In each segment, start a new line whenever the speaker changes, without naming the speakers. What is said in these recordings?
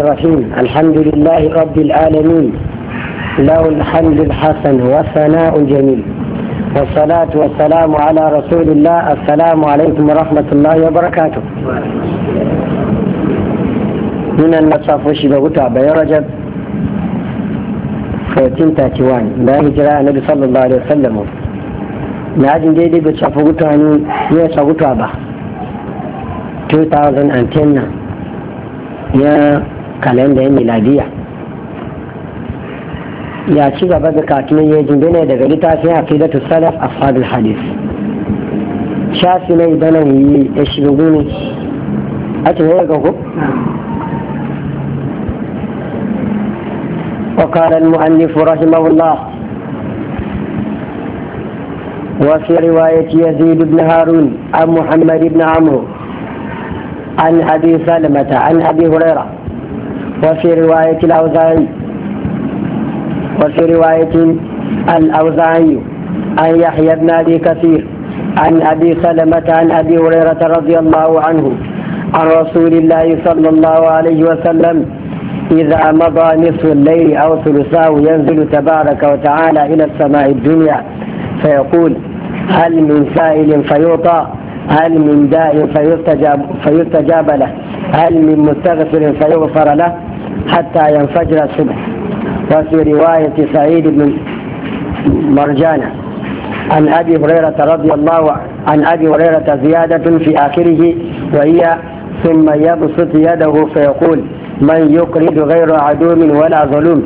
الرحيم الحمد لله رب العالمين له الحمد الحسن والثناء الجميل والصلاة والسلام على رسول الله السلام عليكم ورحمة الله وبركاته من النصف وشبه يا رجب 1431 bayan لا هجراء النبي صلى الله عليه وسلم daidai ba shafi gutuwa ne ya sa gutuwa 2010 يا kalenda ya miladiya ya ci gaba da katunan ya jingina daga littafin aqidatu salaf ashabul hadith shafi mai dana yi ya shiga guni a cikin ya gago وقال المؤلف رحمه الله وفي رواية يزيد بن هارون عن محمد بن عمرو عن أبي سلمة عن أبي هريرة وفي رواية الأوزاعي وفي رواية الأوزاعي عن يحيى بن أبي كثير عن أبي سلمة عن أبي هريرة رضي الله عنه عن رسول الله صلى الله عليه وسلم إذا مضى نصف الليل أو ثلثاه ينزل تبارك وتعالى إلى السماء الدنيا فيقول هل من سائل فيعطى هل من داء فيستجاب, فيستجاب له هل من مستغفر فيغفر له حتى ينفجر الصبح وفي رواية سعيد بن مرجانة عن أبي هريرة رضي الله عن أبي هريرة زيادة في آخره وهي ثم يبسط يده فيقول من يقرض غير عدو ولا ظلوم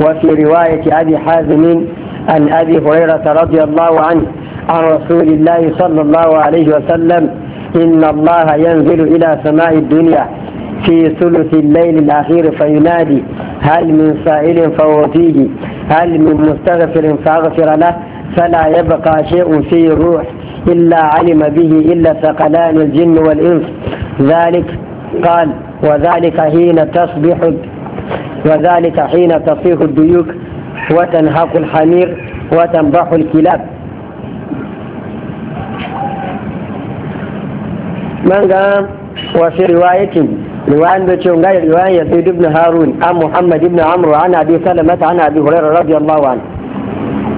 وفي رواية أبي حازم عن أبي هريرة رضي الله عنه عن رسول الله صلى الله عليه وسلم إن الله ينزل إلى سماء الدنيا في ثلث الليل الأخير فينادي هل من سائل فأعطيه هل من مستغفر فأغفر له فلا يبقى شيء في الروح إلا علم به إلا ثقلان الجن والإنس ذلك قال وذلك حين تصبح وذلك حين تصيح الديوك وتنهق الحمير وتنبح الكلاب من قام وفي رواية riwayan da ce ngai riwayan ya sai ibn harun an muhammad ibn amr an abi salama ta an abi hurayra radiyallahu an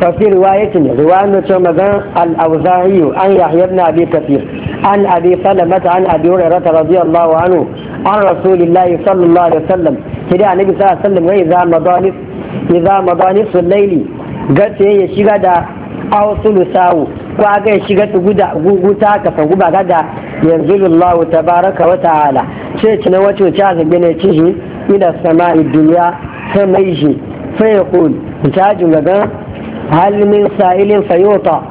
tafsir riwaya ce riwayan da ce magan al awza'i an yahya ibn abi kafir an abi salama ta an abi hurayra radiyallahu anhu an rasulillah sallallahu alaihi wasallam kida annabi sallallahu alaihi wasallam idza madanis idza madanis al-layli gace ya shiga da aw sulusawu ko a gai shiga ta guda guguta ka fa guba gada yanzu wa tabaraka wa ta'ala ce ce na wato ta zabe ne ci shi ina sama'i dunya sai mai shi ya yaqul ta ji gaga hal min sa'ilin fayuta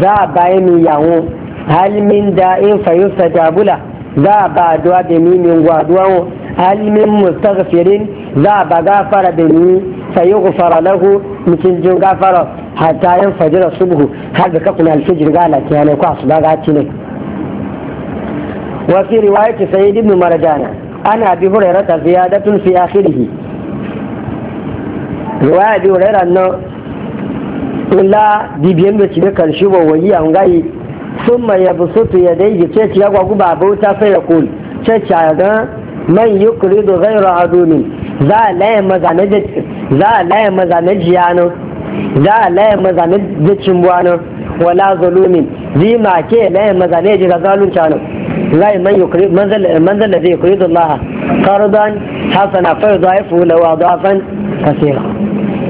za bai mi yawo hal min da'in fayusa jabula za ba duwa da mimin gwaduwa hal min mustaghfirin za a ba gafara da ni fayughfara lahu mutum jin gafara hatta yan fajira subuhu har da kafin alfijir ga alaki ya kwa su daga ci ne wasu riwayati sayi ibn marjana ana bi hurairata ziyadatun fi akhirih riwaya bi hurairata nan illa bibiyan da cire karshe ba wayi an gayi sun mai ya bi sutu ya dai ya ceci ya gwagu ba bauta sai ya kul ceci a ga man yi kuri da ra'adu min za a laye mazanajiya nan za a maza mazanin zicin buwano wala zalumi zi ma ke laye mazane ji ga zalun no zai man yukri manzal da zai yukri da Allah qardan hasana fa dhaifu la wa dhafan kaseera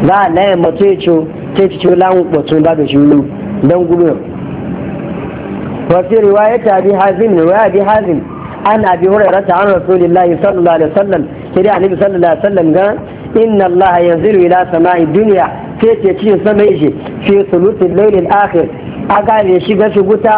za a laye mutecho ce ci lan botun da da shulu dan gudu wa fi riwayat abi hazim wa bi hazim an abi hurairah ta an rasulullah sallallahu alaihi wasallam sai annabi sallallahu alaihi wasallam ga inna allaha yanzilu ila sama'i Duniya'. sai ce cikin sama ishe fi sulutin lailin akhir a gane shi shiga guta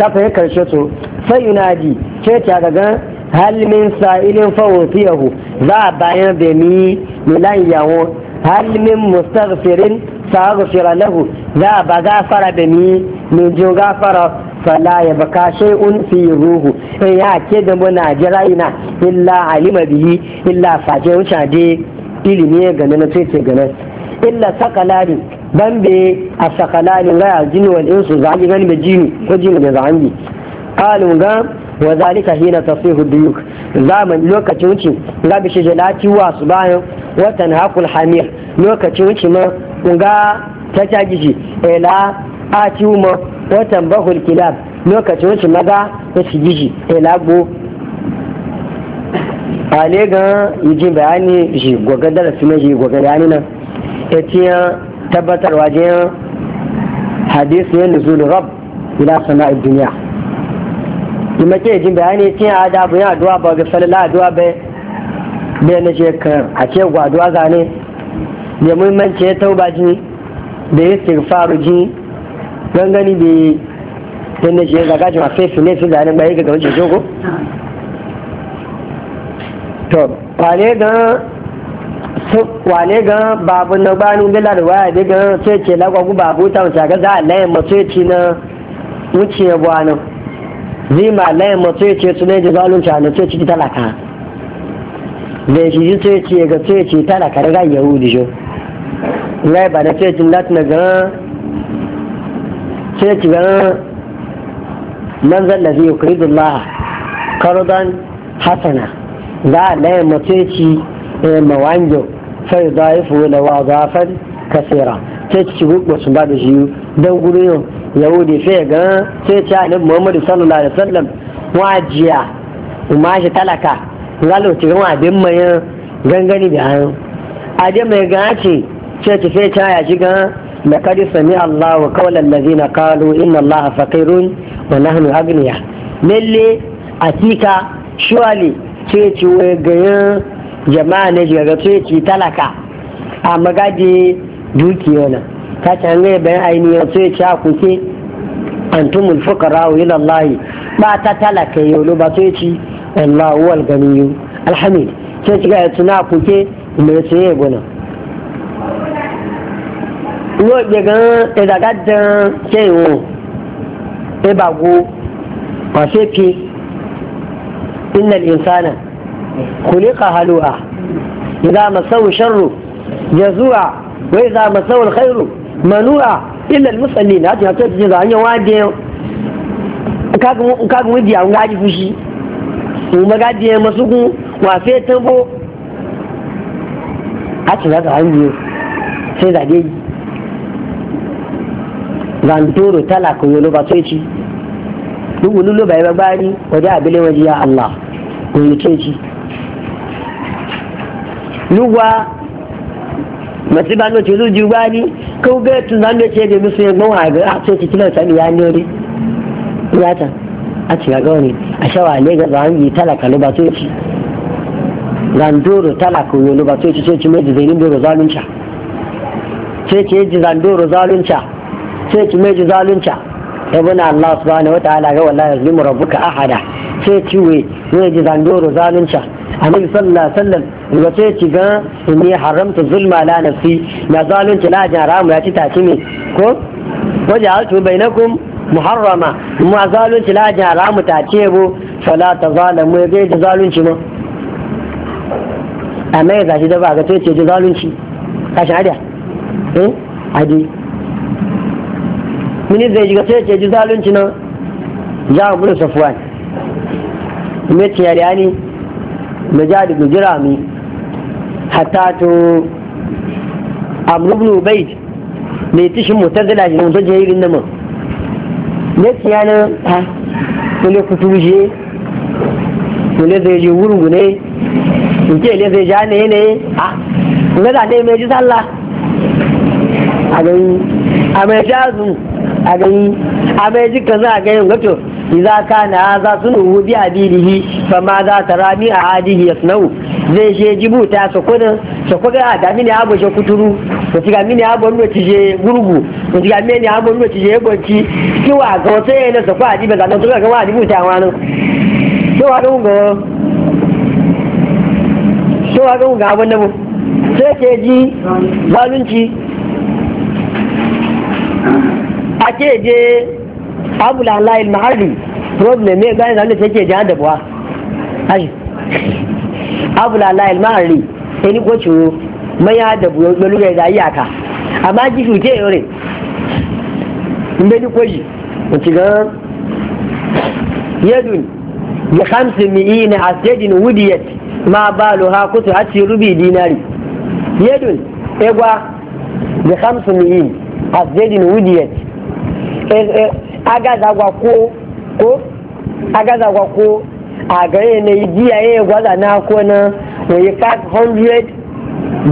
kafa ya karshe su sai ce sai ta gaga halmin sa'ilin fawasiyahu za a bayan da mi milan yawo halmin mustaghfirin sa'aghfira lahu za a ba gafara da mi min jin gafara fala ya baka shay'un fi ruhu in eh, ya ke da muna ina illa alima bihi illa face wuce ilimi ya gane na sai ce illa sakalani ban a sakalani ga jini wal insu za a gani da jini ko jini da yi kalun ga wa zalika hina tasihu duk zaman lokacin wuce ga bi shi jelati wa su bayan watan hakul hamir lokacin wuce ma ga ta caji shi ila a ma watan bahul kilab lokacin wuce ga ya shigi shi ila go ne ga yi jin bayani shi gwagwadar su ne shi gwagwadar nan ya tabbatar tabbatarwa hadisu hadisi ya nuzul rab ila sana'a duniya yi ke jin bayani cikin abu yin aduwa ba ga salila aduwa bai bai na shekar a ce gwa aduwa zane ya muhimmanci ya tauba ji da ya sirfaru ji gangani da ta na shekar zaga jima sai su ne su zane bayi ga gaban shekar ko to kwale don wane gan babu na gbanu gila da waya da gan sai ce lagwagu babu ta wuce ga za a layin matsoyaci na wuce ya bwanan zima layin matsoyaci su ne ji zalun ta na tsoyaci talaka da shi ji tsoyaci ga tsoyaci talaka da gan yahudi shi lai ba da tsoyaci latin na gan tsoyaci gan zan da zai kuri yukuridullah karudan hasana za a layin matsoyaci eh, mawangyo fai zaifu da wa zafan kasira ta ci gugu su ba da shi don guri yau yahudi fai ga ta ci a nan muhammadu sallallahu alaihi wasallam wajiya ma shi talaka zalo ci gama abin mai gangani da hannu a dai mai gace ce ci fai ta ya shiga da kadi sami allah wa kawalan na kalu inna allah a fakirun wa nahnu agniya lalle a tika shuwali ce ci wai gayan jama'a ne shiga gaso ya ci talaka a magaji dukiya na ta ci hanyar bayan ainihin so ya ci a kuke tumul fukara wa ila Allah ba ta talaka yau ba so ya ci Allah wal ganiyu alhamid sai ci ga ya tuna kuke mai so ya gona yóò jẹ gan ìdàgá dán ṣe ìwọ̀n ba ọ̀ṣẹ́ fi inna insana خلق هلوعا إذا مسه الشر جزوعا وإذا مسه الخير منوعا إلا المسلين هاتي هاتي هاتي جزا يوادي kagun wajiya wani gaji fushi su magajiya masu gun wafe tambo a هاتي هاتي hanyoyi sai zage yi zantoro talaka yolo ba sai ci duk wani loba ya gbari wajen abilin wajiya allah ko yi ce ci lugwa masu ba no ji jirgwa ni kawo ga tun zan da ce da musu yin a ga a ce cikin sami ya ne ori yata a ce ga gawani a shawa ne ga zawon yi talaka lo ba soci zandoro talaka yo lo ba soci soci mai jizainin doro zalunca sai ce ji zandoro zalunca sai ci mai ji zalunca ibn Allah subhanahu wa ta'ala ga wallahi yazlimu rabbuka ahada sai ci we ne ji zandoro zalunca a sallallahu alaihi wasallam daga sai ci ga ne haramta zulma la nafsi na zalunci la jan ramu ya ci taci ne ko waje haltu bainakum muharrama ma zalunci la jan ramu ta ce bo fala ta zalamu ya ga zalunci ma amma ya gashi da ba ga sai ce ji zalunci kashi hadiya eh hadi mini zai ji ga sai ci ji zalunci na ya mu safuwan me ce yare ani majadi jirami hatta to amrubnu bai mai tishin mutar zila shi mutar jahirin nan ne kiyana ha kule kutuje kule zai je wurgu ne nke ile zai ja ne ne a kuma da ne mai ji sallah a gani a mai jazun a gani a mai ji kaza a gani gato idza kana hadha sunuhu bi adilihi fama za ta rami a adihi yasnau zai je jibuta su kudin su kudin a da mini abu je kuturu ko tiga mini abu nuna ci je gurgu ko tiga mini abu nuna ci je ga wasu yayin da su kwa zanen tuka ga wa wani ga ga sai ke ji zalunci je abu lalai ma'arbi problem ne gani zanen ke jihar da buwa ai abu lalai ma'arbi sai ni ko mai ya da buwa ɗalu ga zai yaka amma su ce yore inda ni ko ji wace ga yadun bi hamsin na asjadin wudiyat ma balu ha a ci rubi dinari yadun egwa bi hamsin mi'in asjadin wudiyat e, e, agaza gwakwo ko agaza gwakwo a gare na igiya ya gwaza na ko na wani 500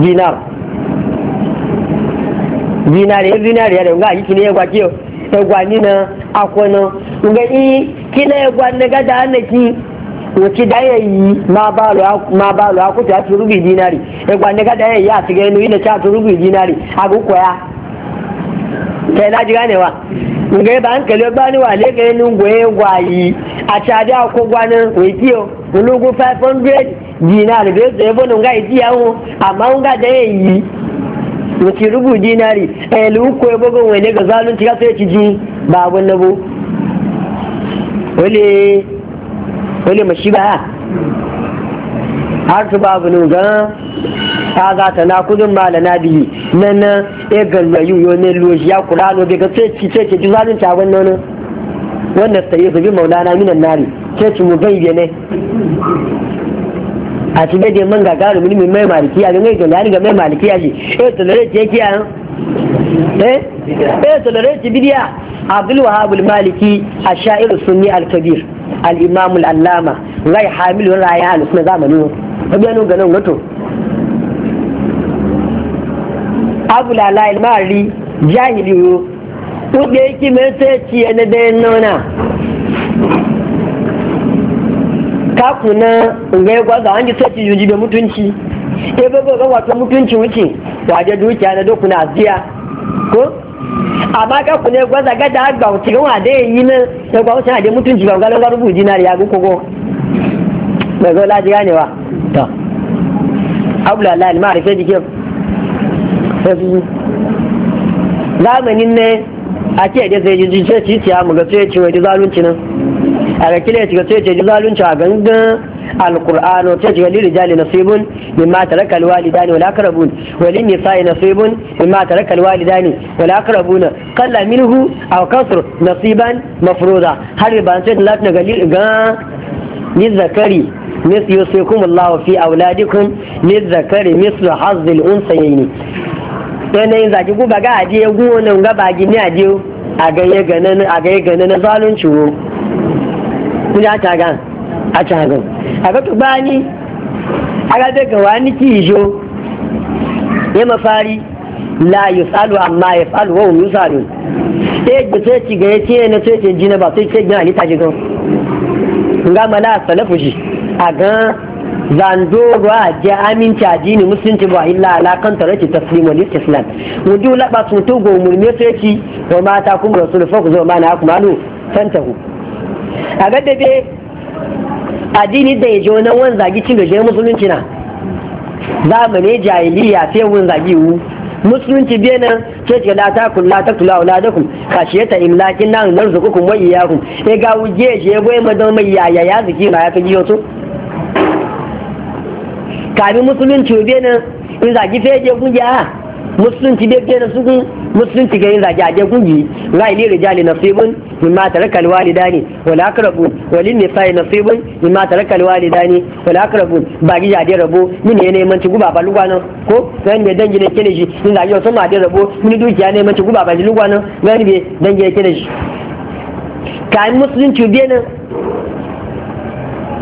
dinar dinari ya dinari ya nga yiki ne ya gwaki ya gwani na akwo na nga i kila ya gwani ga da anaki wacce da ya yi ma ba lo akuta ya turu bi dinari ya gwani ga da ya yi a shiga yanu ina ta turu bi dinari a gukwaya ne wa nga ba nkele ba ni wa lega yin ngwaye gwayi a cari a ko gwanin dinari ya nga iji yawo amma nga da yi dinari a yi lukko ya go wani ga zalunci ka sai na wale wale har su babu nun gan ta za ta na kudin malana biyi nan na ya galwa yiwu ne loji ya kula no bai ga sai ci sai ci zalin ta wannan wannan sai su bi maulana minan nari sai ci mu gaibe ne a ci bai man gagaru mini mai malikiya ga ngai gani ga mai malikiya ji e eh e tolere ce kiya eh eh tolere ce bidiya abdul wahab al maliki ashair sunni al kabir al imam al allama ngai hamilun rayan sunna zamanin ẹgbẹ́ inú gẹ̀ẹ́nà ńgọ́tò abúlàlá ìmáàrí ma o ó gbé kí mẹ́tẹ́ ti ẹnẹ́dẹ́ náà kakuna ngai gwaza an sai yuji da mutunci eh ba ga wato mutunci wuce waje dukiya na dokuna aziya ko amma ka ne gwaza ga da ga wuce ga wanda ya yi nan da gwaza da mutunci ba ga lagaru ya gukogo ba ga ganewa ta abula la alima rufe jikin sai zamanin ne a ke da zai ji ce ci siya mu ga sai ci wani zalunci nan a ga kile ga sai ci zalunci a gangan alqur'ano sai ci ga lirijali minhu aw kasr nasiban mafruda har ba sai lafiya ga ga zakari مثل يوصيكم الله في أولادكم للذكر مثل حظ الأنثيين yana yin zaki guba ga aje ya nan ga bagi ne aje a gaye a gaye ganin na zalun ciwo kuna ta ga a ta ga a ga tubani a ga daga wani kijo ya mafari la yusalu amma yafalu wa hum yusalun sai ga sai ci ga yace jina ba sai ce gina ni ta ji ga ngama na salafu shi a ga ba a je aminci a addini musulunci ba illa alakan tare ce taslimu lil islam wudu laba sun to go murme sai ki wa mata kuma rasul fa ku zo ma na kuma tanta ku a ga dabe addini da ya je wannan wan zagi cin da je musulunci na zamane jahiliya sai wun zagi wu musulunci biya nan ce ce la ta kula la ta tula wala da kun ta imlakin nan narzukukum wa iyakum sai ga wuje je goyi madan mai yaya ya ziki ma ya kaji yoto kami musulunci bai nan in zagi feje a ah, musulunci bai kenan su kun musulunci ga yin zagi a jegun yi ga jali rijali nasibun min ma taraka alwalidani wal ne sai na nasibun min ma taraka alwalidani wal aqrabu ba gi ya de rabo min ne man ci guba ba nan, ko sai me dangi ne kene shi in zagi to ma de rabo min dukiya neman ci guba ba lugwanan ga be dangi ne kene shi kai musulunci bai nan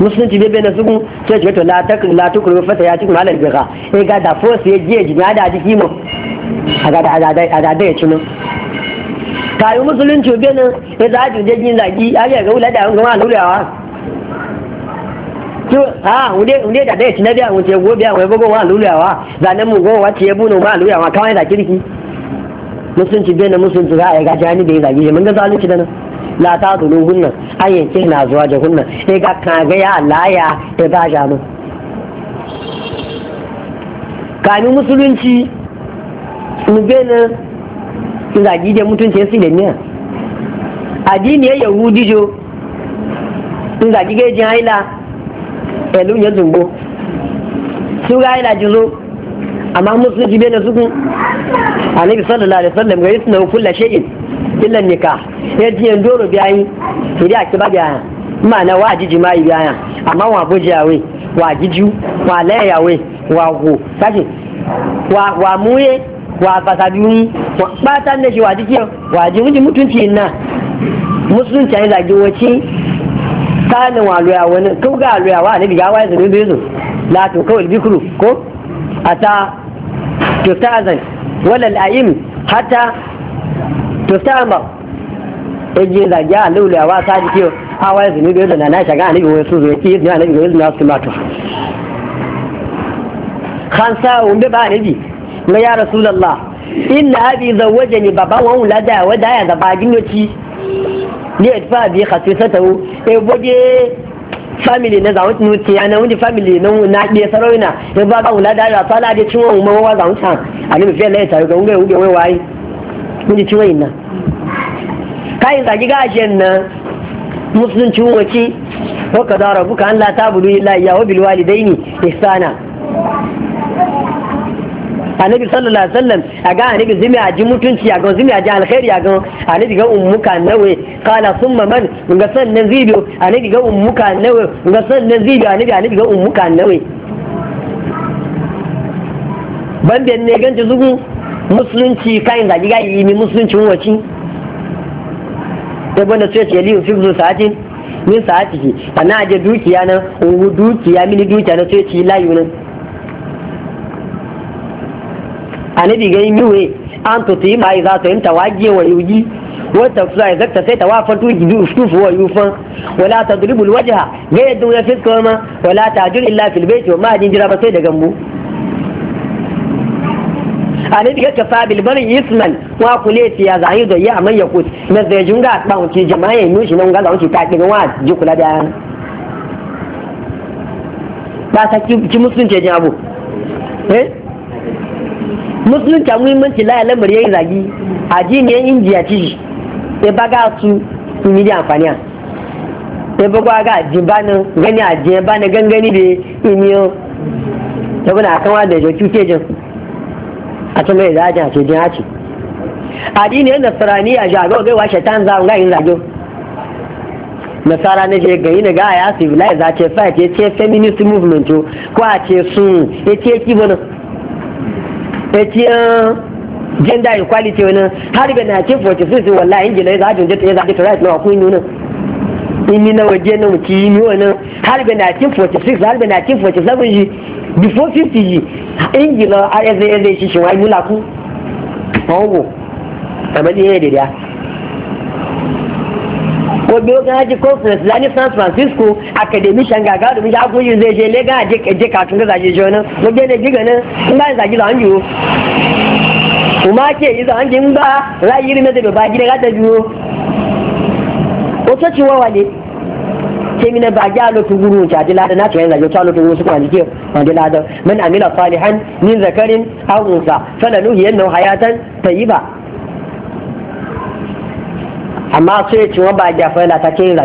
musulunci bebe na sugun sai ce to la tukuru fata ya kuma halar bira e eh, ga da fosu ya jiye jina hada jiki mu a ga da ya ci nan kayu musulunci bebe na ya za a juje jin zaki a ga wula da yawan gama lulawa to ha wunde da da ya ci na biya wuce gobe biya wai bugun wa lulawa zanen mu gowa ce ya bunu ma lulawa kawai da kirki musulunci bebe na musulunci za a yi ga jani da ya zagi mun ga zalunci da nan la ta zulu hunna an yanke na zuwa da hunna sai ga ga ya Allah ya da ba ja mu kani musulunci mu bene ina gide mutunci sai da niya Adini ya yahudi jo ina gige jin haila elu ya zumbo su ga haila jizo amma musulunci bene su kun annabi sallallahu alaihi wasallam ga yusna kullu shay'in billan nika ya ji yan doro biyayi to dai ake ba ma na wa ji jima'i biyayan amma wa bujiyawe wa jiju wa layayawe wa go sashi wa muye wa fasaduni wa batan ne shi wa jiki wa ji muji mutunci na musulunci ne zagi wace tsanin wa loya wani kau ga loya wa ne biya waye zane bezo la to kawai bikuru ko ata 2000 wala al'aim hatta to ba eji da ja lulu ya wasa ji kiyo hawa ya zini biyo da na shaga anabi wani su zuwa kiyi na anabi wani na su mato khansa umbe ba anabi na ya rasulullah inna abi zawwajani baba wa ulada wa daya da bagin yoci ne bi e boje family na zawon nuti ana wani family na na ɗaya sarauna ya e, ba ba ulada ya sala da cinwa umma wa zawon san anabi fiye la ya ga unga unga wai wai mun ci wayin nan kai zagi gajen nan musulunci wace ko ka da rabuka an lata tabudu yi iyyahu wa bil istana a nabi sallallahu alaihi a ga annabi zumi a ji mutunci a ga zumi a ji alkhairi a ga nabi ga umuka nawe kala sun man ga sannan zibiyo nabi ga umuka nawe ga sannan zibiyo a nabi ga umuka nawe ban biyan ne ganci zugu musulunci kayan zagi ga yi min musulunci wacce ya gwanda sai ce liyu fibzu sa'atin min sa'ati ce sannan aje dukiya na ungu dukiya mini dukiya na sai ce layu nan anabi gani miwe an to yi mai za ta yi tawaje wa yuji wata fusa ya zakta sai tawafar tufu wa yufan wala ta duribul wajaha ga yadda wani fiskar ma wala ta ajiyar illa filbeci wa ma'ajin jira ba sai da gambo ani diga ka fa bil isman wa ya da ya man yakut na da junga ba jama'a ya nushi nan ga da wuce ta diga wa ji kula da ba ta ki musulunci jin abu eh musulunci muhimmanci la lamar yayin zagi ajiniyar indiya ci e baga su ni da amfani e bagwa ga jibanin gani a jibanin gangani da imiyo ta kan wa da a ta mai zaji a ce jin haci addini yan nasarani a jago gai wa shaitan za ga yin zago nasara na je gani na ga ya su lai za ce fight ya ce feminist movement ko a ce sun ya ce ki kibon ya ce eh, gender equality wani har ga na ce su 46 wallahi ingila ya zaji ta ya zaji ta right na wakun nuna in ni na waje na mutu yi ni wani har ga na ce 46 har ga na ce 47 shi before fifty yìí engine náà ẹsẹ̀ ẹsẹ̀ ìṣiṣẹ́ wọn ẹgbẹ́ làkú wọn wò àmọ́dé Obe oge haji conference lani San Francisco academy shanga gado mi jago zai je lega je je katun da zaje jona mo je ne jiga ne in ba zaji da anju kuma ke yi da anjin ba rayi ne da ba gida ga da biyo o to ci wa wale ce mina ba ja lotu guru ta ji lada na ce yana ta lotu guru su kwanji ke wanda lada man amila salihan min zakarin aw unsa falalu yannu hayatan tayyiba amma sai ce wani ba ja fa'ila ta ce yana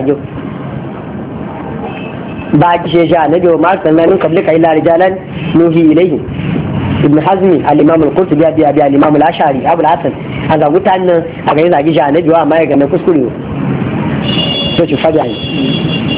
ba ji ja na biyo ma sannan kablika ila rijalan nuhi ilayhi ibn hazmi al-imam al-qurtubi ya biya al-imam al-ashari abu al-hasan a ga mutanen a ga yana gija na biyu amma ya ga na kuskure to ci fada
ne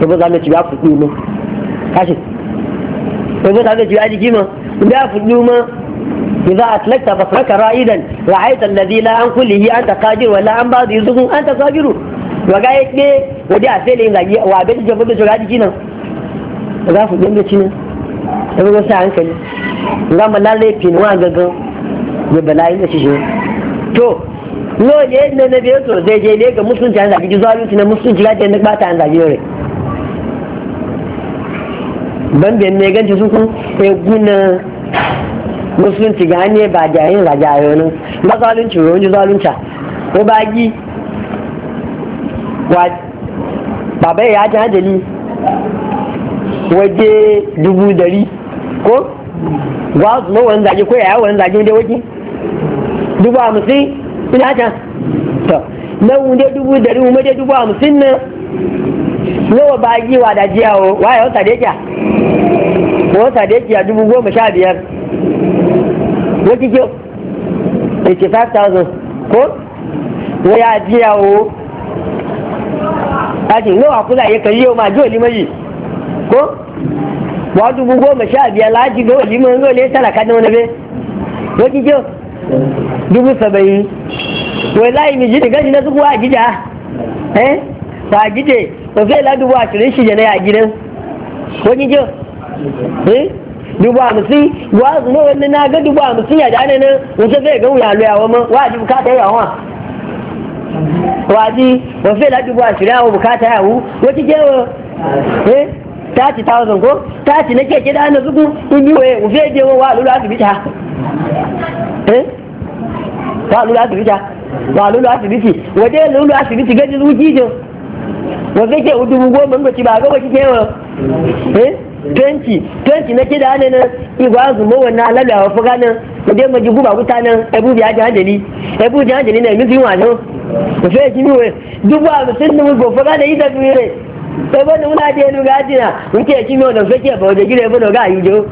to ba za mu ci za ba ma ra'idan ra'aita alladhi la an kullihi anta an ba'd yuzun anta qadir wa ga wa da sai ne ga wa ba da za ne sa hankali wa ga shi to lo ne ne ne biyo to zai je ne ga musulunci an zagi zuwa na musulunci ga da ba ta an zagi ban biyan ne ganci su kun eguna musulunci ga ne ba jayin ga jayonin ba zalunci ruwan zalunca ko ba gi wa baba ya ji hajjali waje dubu dari ko wa zuwa wani zage ko yaya wani zage da waje dubu hamsin ina ta to na wunde dubu dari wunde dubu hamsin na nawa ba gi wa da jiyawo wa yau wata da da sadeki a dubu goma sha biyar ko kike 85,000 ko ko ya jiya o ake nawa kula ya kari yau ma ji wani mai ko wa dubu goma sha biyar laji ga wani mai yau ne talaka na wani bai ko kike dubu saba'in wai layi mi ji da gashi na sukuwa a gida eh ba gide ba zai la dubu ashirin shi ne a gidan ko kike Eh? dubu hamsin wa zuwa wani na ga dubu hamsin ya dane nan wata zai ga wuya lo wa man wa ji bukata yawa wa ji wa fi la dubu ashirin yawa bukata yawa wata gewa wa? tati eh? thousand ko tati na keke da na zugu in yi waye ufe je eh? wa lulu asibiti ha wa lulu asibiti ha wa lulu asibiti waje lulu asibiti gaji zuci jo wa zai ke udubu goma ngoci ba ga wa kike wa eh 20 20 na kida ne nan igwa zu mo wannan alala wa fuga nan ku dai maji guba guta nan ebu biya ji hanjali ebu ji hanjali ne mizi wa jo fe ji mi we duba ga sun mu go fuga da ida biire sai ban una de lu ga dina nke ji mi wannan fake ga yujo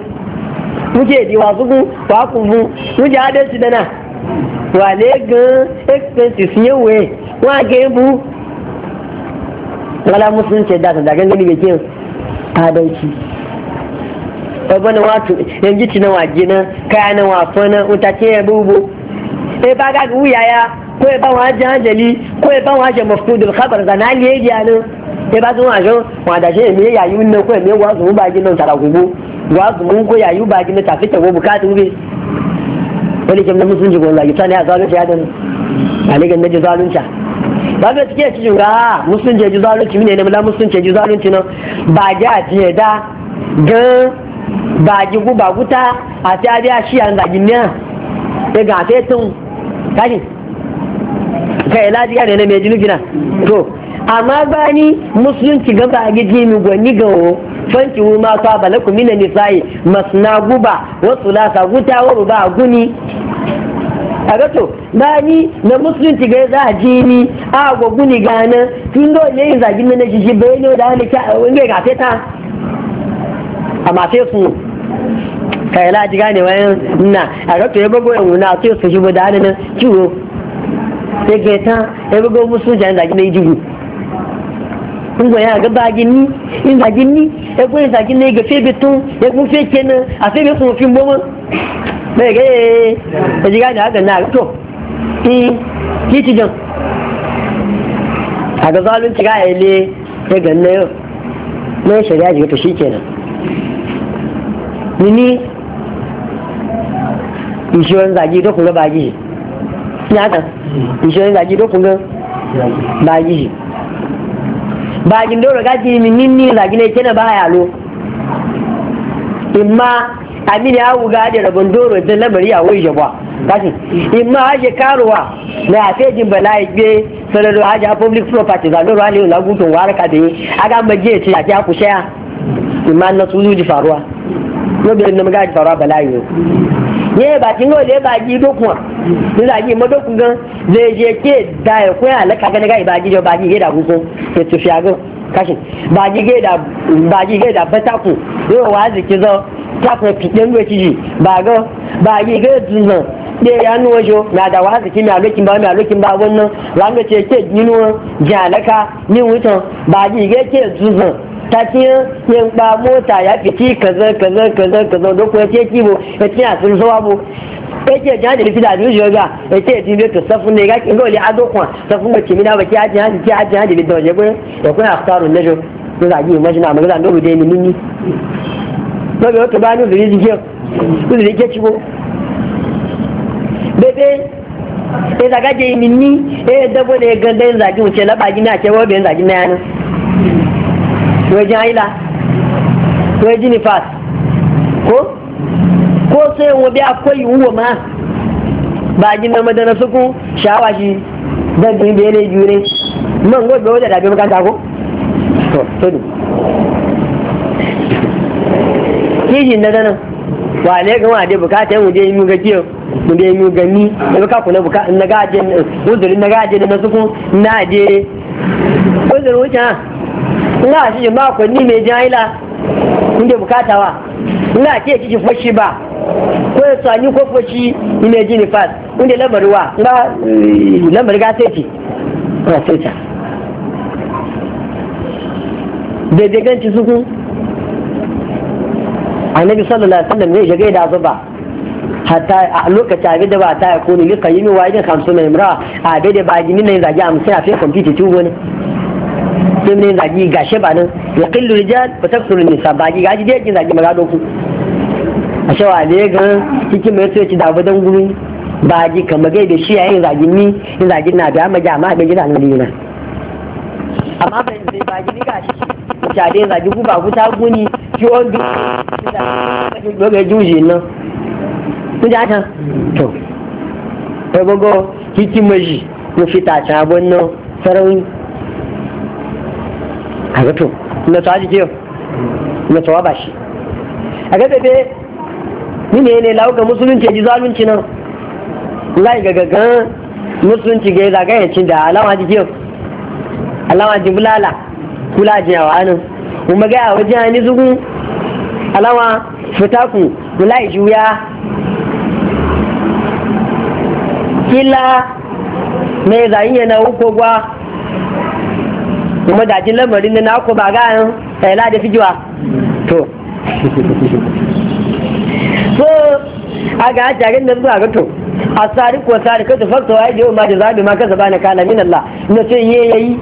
muke di wa sugu wa ji dana wa le gan expenses yewe wa ge bu wala musulunci da ta ọgbọ́n wàtò yanzu ti na wàjẹ na káyà na wàfọ́ na ntàkì yẹn bó bó ẹ bá gàgé ko ya kó ẹ bá wọn ajẹ àjẹlí kó ẹ bá wọn ajẹ mọ̀fúdù kábàrà zànà á lé bá tó wọn àjọ wọn àdàṣe ko yà yín nà kó èmi wàá zùmú bàjẹ́ náà tàrà gbogbo wàá zùmú kó yà yín bàjẹ́ náà tàfi tẹ̀wọ́ bùkátà mi musulunci kò lọ yìí sani azalunci adanu na jizalunca ba ga e e ne ne da gan ba gigu ba guta a ta biya shi a zagin niya ya ga ta tun kashi ka yi lajiya ne na mai jini gina to amma ba ni musulunci ga ba gidi mi gwani ga wo fanki wu ma ta balaku mina nisa'i masna guba wasu lasa guta wa ruba guni a ga to ba ni na musulunci ga za a ji ni a gwaguni gana tun dole yin zagin na na jiji bayan yau da wani ga ta amma sai su kai la ji gane wayan na a rato ya bago yanwu na to su shi bada nan kiwo ya ke ta ya bago musu jan na ijigu in go ya ga bagin ni in ya go in zagin ga febe tun ya fe kenan a febe kun fin e bai ga ya eh, ji gane haka na to eh kiti jan a ga zalunci ga ele ya ganna shari'a to nini ìṣòro ìgbàjì tó kún ló bá yìí yàtọ̀ ìṣòro ìgbàjì tó kún ló bá yìí báyìí ń dọ̀rọ̀ gájì mi níní ìgbàjì lè tẹ́lẹ̀ bá yà lọ ìmá àmìnì àwùgá da rabon dọ̀rọ̀ ìtẹ́ lẹ́mọ̀rí àwọ̀ ìjọba kasi ìmá àjẹ káruwa na àfẹ́jìn bẹ̀lá ìgbé sọ̀rọ̀ àjà public property lọ́rọ̀ àlẹ́ ìlàgùn tó wà á rẹ̀ kàdé agámẹ́jì ètò àti àkùṣẹ́ ìmá náà tún lù di faruwa. yadda yadda muka ji tsara yi yau ne ba kin gawa da ya do dokuwa ni za a yi madokun gan zai je ke da ya koya alaka gani gai ba gidan ba gidan da hukun ke tufiya gan kashin ba gidan da ba gidan da ba taku yau wa ziki zo ta fa fitin ba ciji ba ga ba gidan dinna de ya nuwa jo na da wa ziki na lokin ba na lokin ba wa ranga ce ke ninuwa ji alaka ni wuta ba gidan ke zuzan ta ce yin ba mota ya fiti kaza kaza kaza kaza don kuwa ce kibo ya ce a sun zuwa mu ya ce jihar da abin shi ga ya ce jibe to safin ne ga kin ga wali ado kuma safin ba kimina ba ki a jihar da ki a da waje gurin ya kuna aftarun na jo ko za ki imagine amma ga ya bude ni ba ga to ba zuri jike zuri jike cibo bebe e zaga je ya e dabo ne ganda zagi wuce labagi na ce wa ya zagi na yana wajen haila wajen nifas ko ko sai wa biya akwai yiwuwa ma ba gin na madana suku shawa shi da din da ne jure man go da wajen da bai makanta ko to to ni kishin da nan wa ne ga wa dai bukata yin yi mu ga kiyo mu dai mu ga ni da baka kula bukata na gaje uzurin na gaje eh, da na suku na je uzurin wuce ina shi jama'a makonni mai jahila kun da bukata wa ina ke kiki fashi ba ko ya tsani ko fashi ina ji nifas inda lamari wa ba eh, lamari ga sai ce ba sai ce daidai ganci suku annabi sallallahu alaihi wasallam ne shiga da zuba hatta a lokaci a gida ba ta yi kuni lika yi min wajen kamsu mai mura a da ba gini na yin zage a musamman a fiye kwamfiti tubo ne don ne zagi shi ba nan ya killu rijal ba ta suru nisa ba zagi gado ku a shawa ne ga cikin mai ci da guri ba kamar gai da shi yayin zagi ni in zagi na da amma jama'a ga gidan nan dina amma ba zai ba gi gashi ta dai zagi ku ba ku ta guni ki on du da ga juji nan ku ja ta to ai fita ta bonno sarauni a gato na tsawa jike na tsawa ba shi a ga tsaye ni ne ne lawo ga musulunci ji zalunci nan lai ga gaggan musulunci ga zagaya cin da alama jike alama jibulala kula jiyawa anan kuma ga wajen hannu zugun alama fitaku kula juya kila mai zayin yana hukogwa kuma da jin lamarin da naku ba gayan tsayla eh, da fijiwa to so a ga jarin da zuwa ga to a tsari ko tsari kai tafakta wa yadda yau ma da zaɓi ma kasa bani kala min Allah na ce ye yayi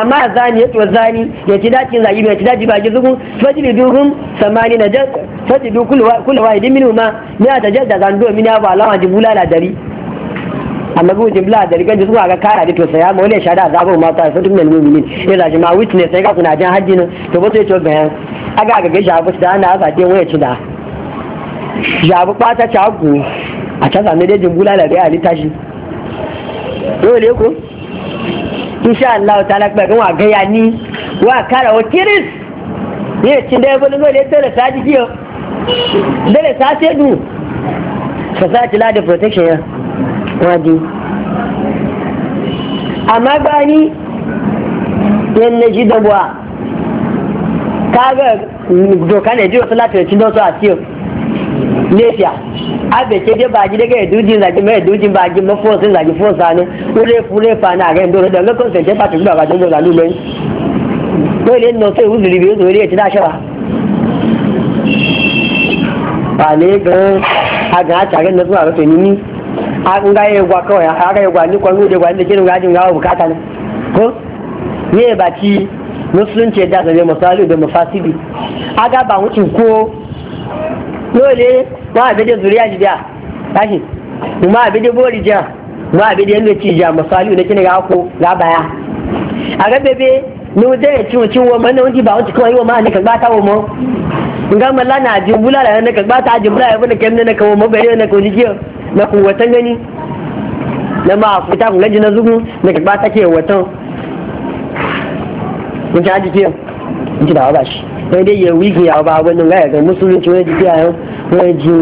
amma zani ya tuwa zani ya ci dace zagi ya ci dace baki zugun fajiri duhun samani na jar fajiri kula wa idin minu ma ni a tajar da zando min ya ba alama jibula da dari annabi wajen jimla da rigan da zuwa ga kara da to saya mu ne shada azabu ma ta fatu nan mu'minin ya da ma witness sai ga kuna jan hajji ne to ba sai to ga aga ga gashi abu da ana aka je waya tuda ya bu bata ta gu a can zame da bula da ga ali tashi dole ko insha Allah ta'ala ba ga wa ga ya ni wa kara wa kiris ne cin da ya gudu ne dole ta ji dole ta ce du fasati la da protection ya wadi amma gani yan na ji dabuwa kaga mm, doka ne jiwa salatu da cindo su a ciyo lafiya abe ke dai baji daga ya dujin zaki mai dujin baji mafosin zaki fosa ne ure fure fa na ga ndo da lokacin sai ke fata zuwa ga ndo zalu mai ko ne sai uzuri biyo dole ya tada shawa ba ne ga a ga ta ga na zuwa rufe ni ha gaye gwa kawai a gaye gwa ni kwanu da gwa da kirin gajin bukata ne ko ne ba ci musulunci da zabe misali da mafasidi aga ba wucin ko dole ma abi zuriya ji da tashi ma abi da bori ja ma abi da yanda ci ja misali da kirin ga baya aga bebe ni wuce ya ci ma mana wuce ba wuce kawai wa ma ne ka nga la na jimbula da ne ka gata ya bane kemne ne ka wa mabare ne na kuwatan gani na ma fita kun gaji na zugun na karba take watan kun ta jike ki da ba shi sai dai ya wiki ya ba wannan ga ga musulunci wani jike ayo wani ji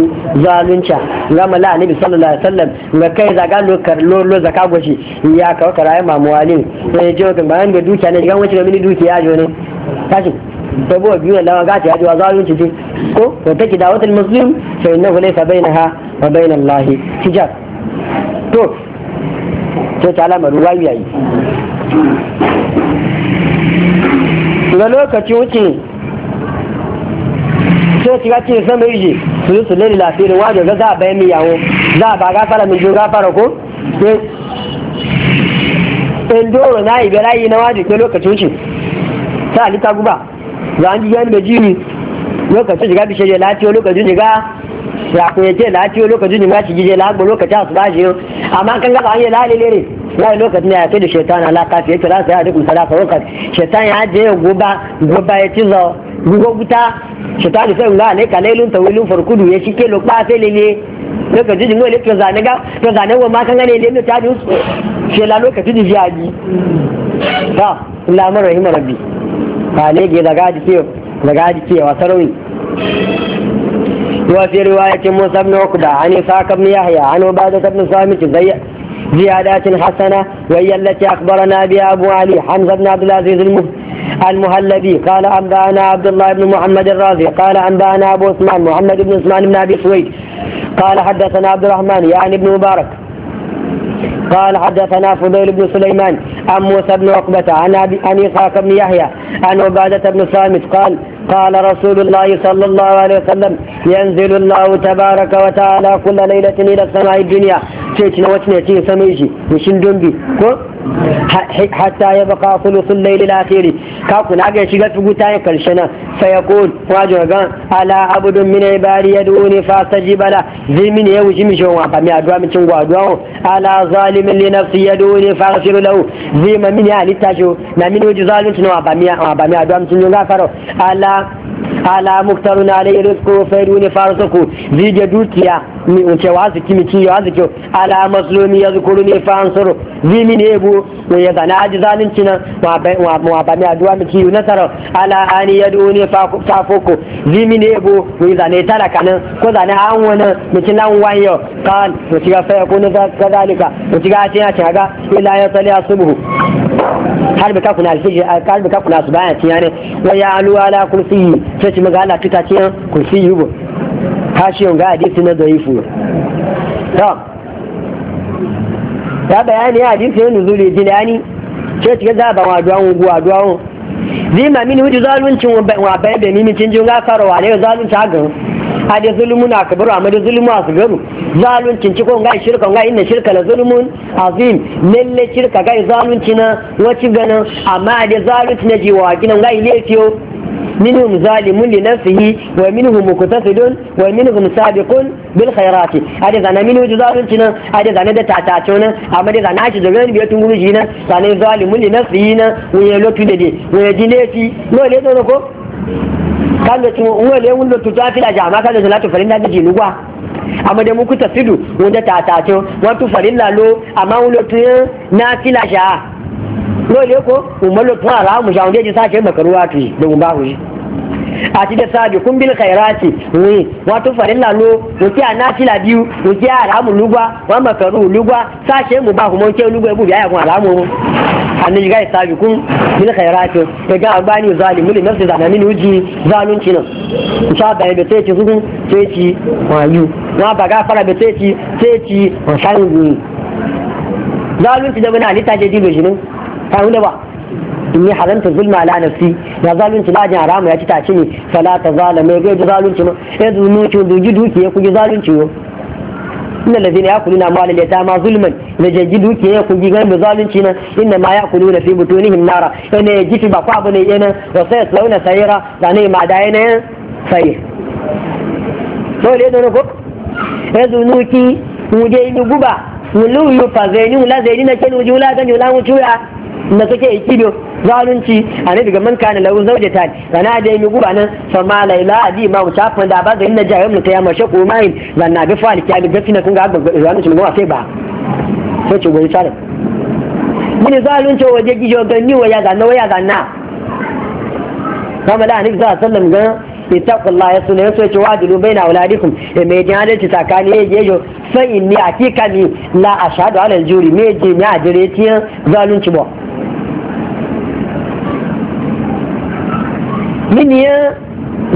zalunta ga mala annabi sallallahu alaihi wasallam ga kai zaga lo kar lo zaka goshi ya kawo karaye mamuwali sai je ga bayan da dukiya ne ga wani da mini dukiya jo ne tashi saboda biyu da lawa gaci ya ji wa zalunci ko ko take da wata muslim sai sabai na ha. wa bainan lahi hijab to sai ta alamar ruwa yayi ga lokaci wuce sai shiga san sama yi su yi su lele lafiyarin wajen ga za a bayan miyawo za a ba gafara min jo gafara ko in doro na ibe rayi na wajen ke lokaci wuce ta alita guba za a ji yan da jini lokacin shiga bishe da lafiya lokacin shiga ya ko yace na ciwo lokacin ma shi gije la gbo lokacin asuba shi amma kan ga an yi lalile ne wai lokacin ya kai da shaitan ala kafi yace la sai ya dukun salata wakat shaitan ya je goba goba ya ci zo gogo buta shaitan sai ga ne lailun tawilun farkudu ya lo ba sai lele ga to zane ma kan ga ne lele ta shi ke daga وفي رواية موسى بن عقدة عن إسحاق بن يحيى عن عبادة بن صامت زيادات حسنة وهي التي أخبرنا بها أبو علي حمزة بن عبد العزيز المهلبي قال أنبأنا عبد الله بن محمد الرازي قال أنبأنا أبو عثمان محمد بن عثمان بن أبي سويد قال حدثنا عبد الرحمن يعني بن مبارك قال حدثنا فضيل بن سليمان عن موسى بن عقبة عن أبي إسحاق بن يحيى عن عبادة بن صامت قال قال رسول الله صلى الله عليه وسلم ينزل الله تبارك وتعالى كل ليلة إلى السماء الدنيا ce ci na wacce ne ce same shi mishin dumbi ko hatta ya baka kulu sun laili lafiri ka kuna ga shiga ta yin karshe nan sai ya kun wajen gan ala abudun mina ibari ya duni fasa jibala zilmi ne ya wuce mi shon ba mi aduwa mi cin o ala zalimin li nafsi ya duni fa shiru lau zimin ya halitta shi na mini wuce zalimin na ba mi aduwa mi cin faro ala ala muktaruna alai ne faru farzuku zige dukiya mi uce wa ziki mi ciyo aziki ala maslumi ne ni fansuru zimi ne bu ya zana aji zalunci nan wa ba mi aduwa mi na nasara ala ani yaduni fa'foko. zimi ne bu ya zane talaka nan ko zane an wani mi ci nan wanyo kan mu fa ga fa yakunu kadalika mu ci ga cin ga ila ya sali subuhu har bika kuna alfijir har bika kuna su bayan tiya ne wa ya alu ala kursiyi ce ci maga Allah tuta tiyan kursiyi bu hashiyon ga hadisi na zaifu to ya bayani hadisi ne nuzuli jilani sai ci ga ba wa duwan guwa duwan zai zima mini wuce zalunci wa bayan da mimi cin jin gafara wa ne zalunci hagan hade zulmun akbaru amma zulmu asgaru zaluncin ci ko ga shirka ga inna shirka la zulmun azim lalle shirka ga zalunci na wace ganin amma da zalunci na jiwa kinan ga ile fiyo منهم ظالم لنفسه ومنهم مقتصد ومنهم سابق بالخيرات هذا أنا منه ظالمنا هذا أنا ده تعتاتنا أما ده أنا na زمان بيتون جينا أنا ظالم لنفسه ويلو تدي ويدي نفسي لو ليه تقول kan da tuwa unwa le wullo tu ta fi aja amma kan da salatu farin da ji lugwa amma da muku tafidu wanda ta ta to wa tu farin la lo amma wullo tu na fila sha lo le ko umma lo tuwa ra mu sha wanda ji sace makaruwa tu da umba hu a ti da sabi kun bil khairati wi wa tu farin la lo wuti ana fila biyu wuti ara mu lugwa wa makaru lugwa sace mu ba hu mu ke lugwa bu ya ya kun ara mu annabi ga sabi kun min khairatin to ga albani zalimi li nafsi zana min wuji zalunci nan insha Allah ya bace ci sugun sai ci wayu na ba ga fara bace ci sai ci wasan zalunci da mun ta je dibe shi ne ta hunde ba in yi haramta zulma ala nafsi ya zalunci jin haramu ya ci ta ci ne fala ta zalama ga zalunci ne ya zunuci duki duki ya kuji zalunci yo inna lazina yakuluna malal yatama zulman na janji dukiya ku gigan da zalunci nan inna ma yakuluna fi butunihim nara ene jifi ba kwa bane yana wa sai launa sayira da ne ma da yana sai dole da ko yanzu nuki mu je ni guba mu lu yu fa zaini mu la zaini na kenu jula ga ni la mu tuya na take yi kido zalunci a ne daga manka na kana lahu ta sana da yi guba nan fa laila a ma mawu fa da ba da inna jahil mun kiyama shaku mai zan na bi fa alkiya da gafina kun ga zalunci mun ga sai ba sai ce gori sare mun zalunci waje gijo ganni waya ga na waya ga na kama da annabi sallallahu alaihi wasallam ga ittaqullah ya sunna yaso ce wadilu baina auladikum e eh, me jin adalci tsakani ya eh, jejo fa inni atikami la ashhadu ala aljuri me je ni ajire zalunci ba miniyan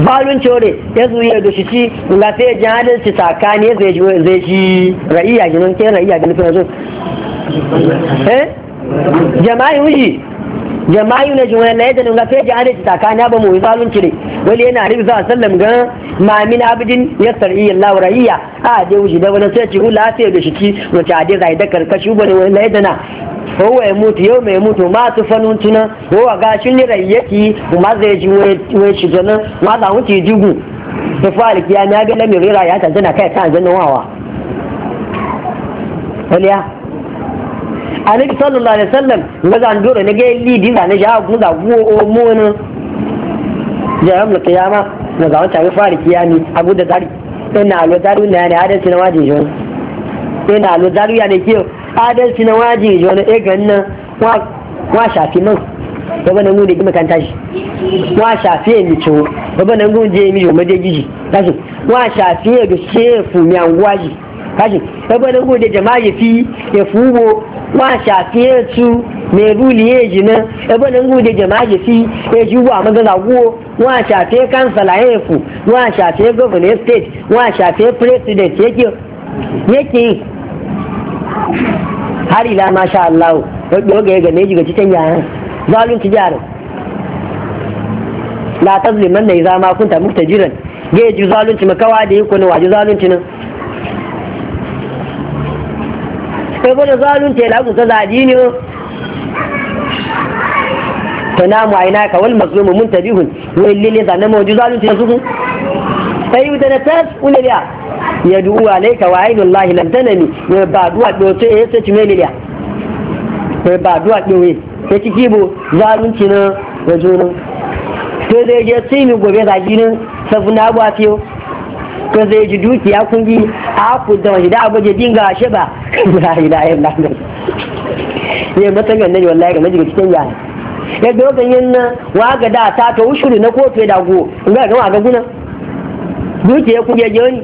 zalunci ore ya zuyi ya doshi shi ga sai jin adalci tsakani ya zai ji zai ji ra'iya ginin ke ra'iya ginin fiye zuwa eh jama'i wuji jama'i na jin na yadda ga sai jin adalci tsakani ya ba mu zalunci ne wani yana ribi za a sallam ga mamin abidin ya sar'i Allah ra'iya a dai wuji da wani sai ci hula sai da shi ci wace a dai zai da karkashi wani na mutu mutu ma هو يموت يوم ma وما تفنون تنا هو قاشن لريكي وما زيجي ويشجنا ما دعون تيجيبو na كيان يا قال لم يغير يا تنزنا كي تنزنا واوا وليا annabi sallallahu alaihi wasallam ga zan dora ne ga yi di zane ja ku da ku o mu ne ya ram la kiyama na ga wata fari kiyami abu da dari ina lo daru ne ne hadin sinawa ina lo daru ya ne kiyo adalci na waje ji wani ɗaya ganin nan wa shafi man gaba nan gudu gima kan tashi wa shafi ya mi ciwo gaba nan gudu je mi joma je giji tashi wa shafi ya ga shefu mi anguwa ji tashi gaba nan gudu jama'a ya fi ya fubo wa shafi ya tu mai ruli ya ji nan gaba nan gudu jama'a ya fi ya ji wa magaza guwo wa shafi ya kansala ya fu wa shafi ya governor state wa shafi ya president yake yake har ila masha Allah Allah wadda ga ya gane ji ga cikin yaran zalun tijar la tazliman ya zama kunta muktajiran ga ji ti makawa da yiko ne waje ti nan sai zalun ti la ku zadi ne mu aina ka wal mazlumu muntabihun wa illil zanama waje ti su sai wuta tas ulaliya ya du'u alayka wa ainul lahi lam tanami ya ba du'a do to e sai cime ne ya ba du'a do we eh, sai kiki bo zalunci na da juna to zai je sai mu gobe da jinin sabuna ba fiyo to zai ji dukiya kun gi a ku da wani da abu je dinga shi ba la ilaha illallah ne matan ne wallahi ga majigi cikin yana ya dogon yin wa ga da ta to ushuri na kofe da go ga ga wa ga gunan dukiya ku ya ni,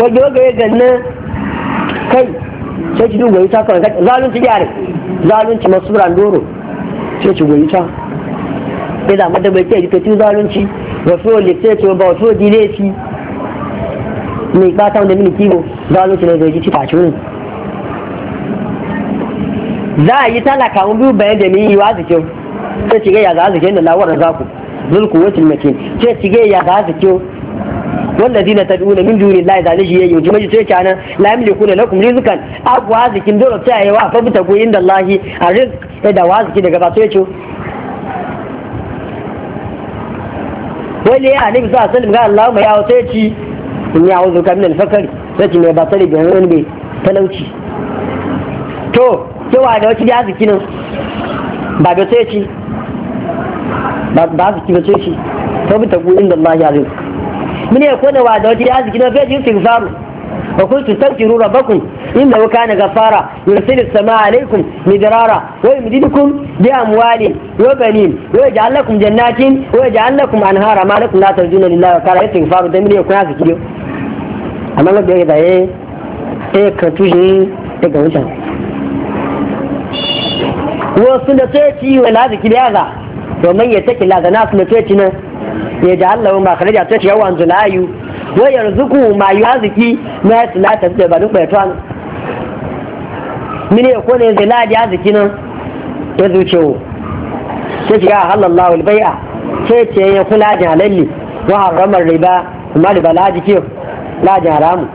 ko ga ya na kai sai ki dugo ita kan zalunci jare zalunci ran doro sai ki goyi ta sai da madda bai kai to zalunci rasul ya sai to ba so dile shi mai bata wanda mini kiwo zalunci ne zai ci fashi ne za a yi talaka kawo biyu bayan da ni yi wa zikin sai ci ga ya za zikin da lawar zaku zulku wacin mace sai ci ga ya za zikin والذين تدعون من دون الله إذا لجي يجي مجي تيكانا لا يملكون لكم رزقا أبو عزك دور تاعي وفبتقوا عند الله الرزق إذا وعزك إذا قبطوا يجو wani ya nabi sa sallim ga Allah mai yawo sai ci in ya wuzu kamin alfakari sai ci mai ba sani ga wani mai talauci to cewa da wacce ya ziki nan ba ga sai ci ba ba ziki ba sai ci ta gudun da Allah ya Muni ya ko da wa'adawancin ya tuki na feshin su in faru. Wakun su tafi shiru raba kun. Inda wuka ne ka fara. Wa'im ɗiɗi kun biya muwali. Yo bani. Yo yanzu Allah kun jannatin. Woyaji Allah kun an harama. Allah kun na tsarar juna na lalawa. Kar a yanzu in faru don muni ya kuka na tuki. Amma na gobe yadda a yi a ka tushin daga wuta. Wasu na tuki wani ya tuki na yaza. Domin ya ta ƙi laza na su na na. ya ji Allah ma kharaja ta ciya wanzu layu wa yarzuku ma yaziki na ya ta da ba duk bayatuwa mini ya kone zai ladi yaziki nan ya zuce wo ta ciya halallahu albai'a sai ce ya kula da halalli wa haramar riba kuma riba ladi ke, ladi haramu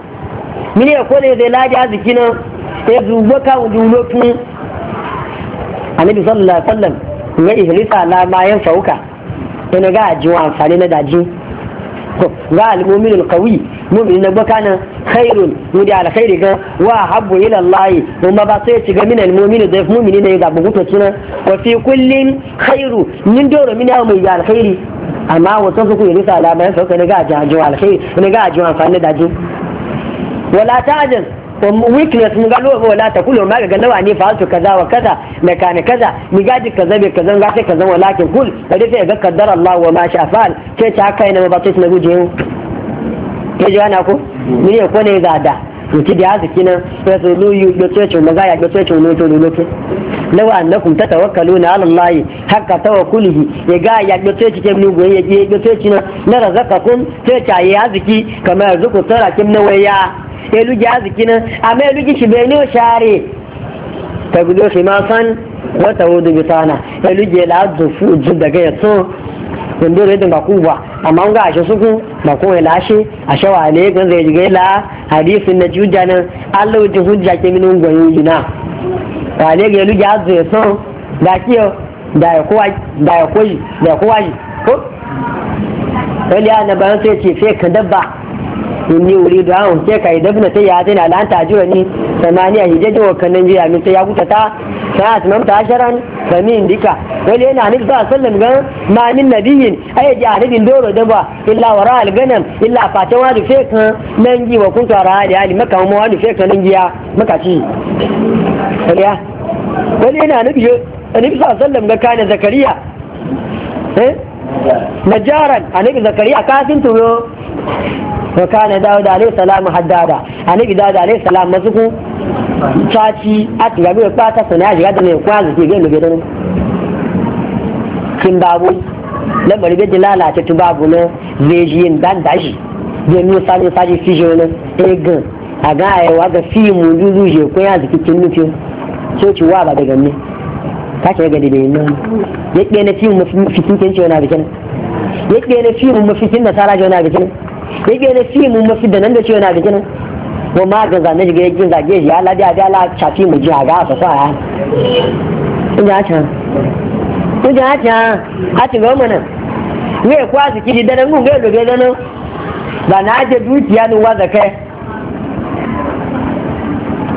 mini ya kone zai ladi yaziki nan ya zuba kan julotun annabi sallallahu alaihi wasallam ya ihrisa na ma sauka fauka yana ga wa amfani na daji ga al-mumin al-qawi mumin na baka nan khairun mudi al-khairi ga wa habbu ila Allah kuma ba sai ci ga min al da mumin ne ga bugu to cinan wa fi kullin khairu min doro min ya mai al-khairi amma wa su ku yi risala bayan sauka ne ga ajiyar al-khairi ne ga ajiyar amfani na daji wala ta'jaz weakness mun ga ba wala ta kullu ma ga nawa ne fa su kaza wa kaza na kana kaza mi gaji kaza be kaza ga sai kaza walakin kul da dai ga kaddar Allah wa ma sha fa'al ce ta kai na ba ta na guje ke ji ana ko ni ne ko ne ga da to ti da azki nan sai su lu yu da ce mun ga ya da ce mun to lu ke law annakum tatawakkaluna ala allahi hakka tawakkuluhu ya ga ya da ce ke mun goye ke da ce na na razaqakum sai ta yi azki kamar zuku tsara kin na waya elu ji arziki nan amma elu ji shibe bai o share ta gudu shi ma san wata wudu bi sana elu ji la fu jin daga ya so wanda da ba ku ba amma ga ashe suku ba ko lashe ashe wa ne gan zai ji la hadisin na juja nan Allah ji hujja ke min gwayo jina ba ne ga elu ji azu ya so da kiyo da ya kowa da ya koyi da ya kowa ko wani na bayan sai ce sai ka dabba inni wuri da an ke kai dafna sai ya zina lan ta jira ni samaniya hijaji wa kanan jiya min sai ya kuta ta sai asmam ta sharan famin dika wani yana nufi ba sallam ga ma min nabiyin ay ji arabin doro da ba illa wa ra'al ganam illa fatan wani dufe kan nan ji wa kun tara da ali maka kuma wani dufe kan nan giya maka ci kariya wani yana nufi annabi sallallahu alaihi wasallam ga kana zakariya eh najaran annabi zakariya kafin turo wa kana da alayhi salam haddada annabi dawud alayhi salam mazuku caci a tiga ya pa ta sana ya da mai kwazi ke gani lube gani kin babu na bari bai dilala tu babu ne zejiyin dan dashi je nu sani sani fijo ne egan eh, aga ai wa ga fi mu yuzu je ko ya zikin nufi so ci wa ba daga ne ka ce gani da yin yadda na fi mafikin kenci wani abu kenan yadda na fi mafikin nasara ce wani abu kenan yadda na fi mafi da nan da ce wani abu kenan wa ma ga zane shiga yakin zage shi ala da ala shafi mu jiha ga a sa ya kun ja ta kun ja ta a ci goma nan ne kwa su kidi da nan gun ga lobe da nan ba na aje dukiya ni wa zakai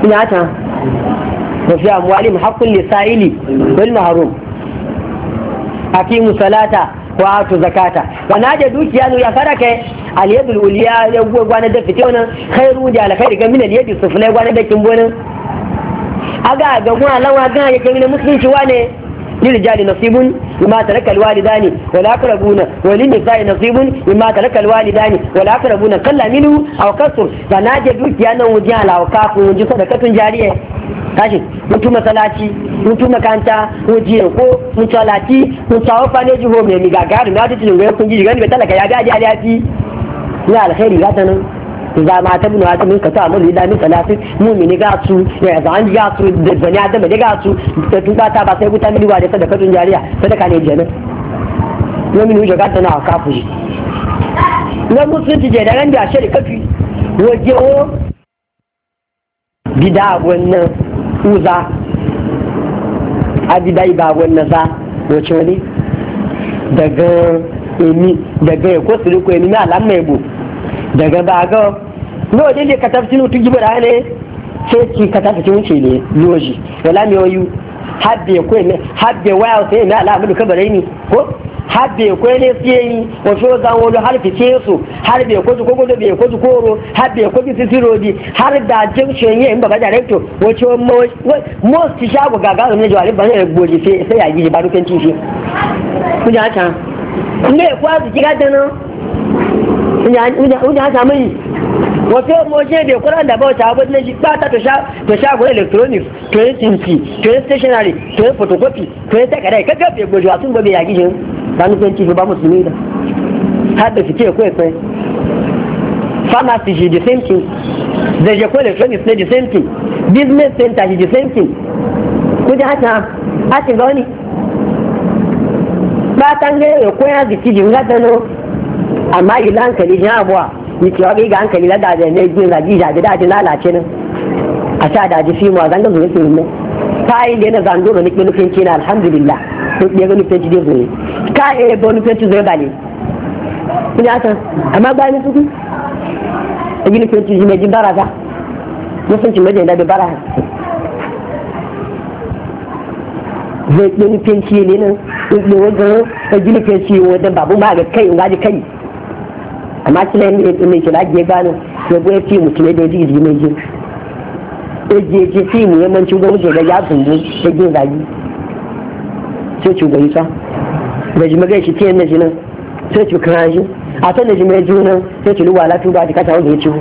kun ja ta وفي أموالهم حق للسائل والمحروم أقيموا الصلاة وآتوا الزكاة ونادى دوكي أنه يفرك اليد الأولياء وانا دفتونا خير وجه على خير من اليد السفلى وانا دكتم وانا أقا أقا وانا لو أقا يكمل مسلم شواني للرجال نصيب مما ترك الوالدان والأقربون وللنساء نصيب مما ترك الوالدان والأقربون قل منه أو كثر ونجي makanta ko ne gagarin na tutu ne kun ji gani bai talaka ya ji aji alati ya alkhairi gata nan za ma ta bi nuwati min ka ta amuli da min salati mumini ga su ya zan ga su da bani adam da ga su ta tuba ta ba sai guta miliwa da sadaka tun jariya sadaka ne je ne mumini ga ta na ka fuji na musulunci je da ran da shari kafi waje o bida wannan uza a bida ba wannan sa wace ne daga emi daga ya kwasiri ko emi na alamma ya daga ba ga no de de kata tinu ji gibara ne ce ki kata tinu ce ne loji wala Ha wayu habbe ko ne habbe wa sai na ala ka kabare ni ko habbe ko ne sai ni o so zan wolo har fi ce su har be ko ko ko be ko koro habbe ko bi sisiro di har da jin shenye in baba director wo ce mo mo ti shago gaga ne jawari ba ne sai sai ya ba dukan ci shi ja ta ne kwa wọ́n da ọmọ da èdè kọ́lá ìdàbọ̀ ọ̀tà abọ́ ilé yìí pátá tó ṣàgọ́ electronics tó ń tìǹtì tó ń stationary tó ń photocopy tó ń tẹ̀kẹ̀rẹ̀ kẹ́kẹ́ fi ègbòjò àtúngbòmí ìyàgí ṣe dánú pé ń tìfì bá mùsùlùmí dà hábẹ̀ fìtí èkó ẹ̀pẹ́ pharmacy shi the same thing dẹ̀jẹ̀ kọ́ electronics ṣe the same thing business center shi the same thing kó jẹ́ àtìgọ́ni pátá ń gẹ́ èkó ẹ̀ àzìkí jì ń gádẹ́nu àmá ìlànkẹ̀lẹ̀ jẹ́ àbọ̀ ni ki wani ga hankali na daje ne zaji zaji daji lalace nan a sha daji fi mu a zanga zuwa su ne ta da yana zango da nufin nufin kina alhamdulillah ko ɗaya ga nufin ci e, zai ka nufin ci bale amma ba ni a e nufin ci nufin ci zai ɗin nufin ci ne nan ɗin wajen a gina wajen babu ma ga kai in gaji kai amma kila ni eto ne kila ge gano ya goye fi mu da ji ji mai ji e je je fi mu yaman ci ga ya tumbu da ge zagi sai ci ga isa da ji magai shi te ne ji sai kan shi a ne ji mai sai ci luwa lafiya ba ta kata wanda ya ci hu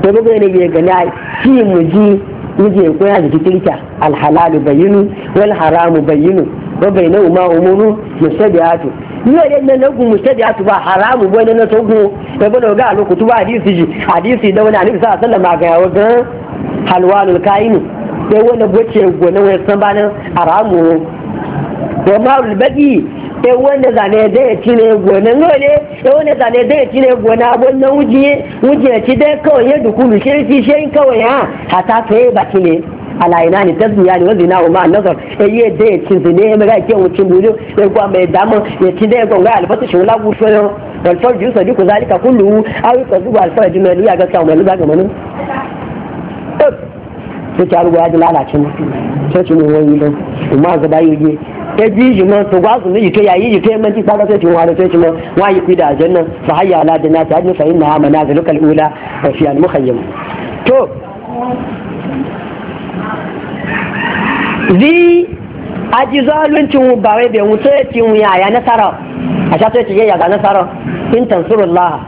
da bugai ne ga na fi mu ji miji ko ya jiki tilka alhalalu bayinu wal haram bayinu wa bainahu ma umuru mustabiatu ni wa yadda na gu mustabiatu ba haram ba na togo da bana ga lokutu ba hadisi ji hadisi da wani annabi sallallahu alaihi wasallam ga waga halwalul kainu sai wani bace gona wai san ba nan haramu da ma'ul baki wanda zane da ya ci ne gona nole ya wanda zane da ya ci ne gona abun na wujiye wujiye ci dai kawai ya dukulu shirki shirin kawai ha hata ta yi baki ne alaina ni, tasbiya ne wanda na umma nazar e ye da ya ci zine ya maga ke wucin bulu ya gwa mai dama ya ci dai gonga albata shi wala gusho yo wal farju sadiku zalika kullu aw yakazu wal farju mai ya ga kawo mai ga manin sai ta ruwa ya lalace mu sai ci mu wani don umma ga bayo eji yi ma to gwa sun yi ke yayi yi ke man ti saka sai wa sai ma wa yi ku da jannan fa hayya ala dinna ta hadin fa inna manazilul ula wa fi al mukhayyam to zi aji zaluncin ba wai bai wuce cin yaya nasara a sha sai ya ga nasara in tansurullah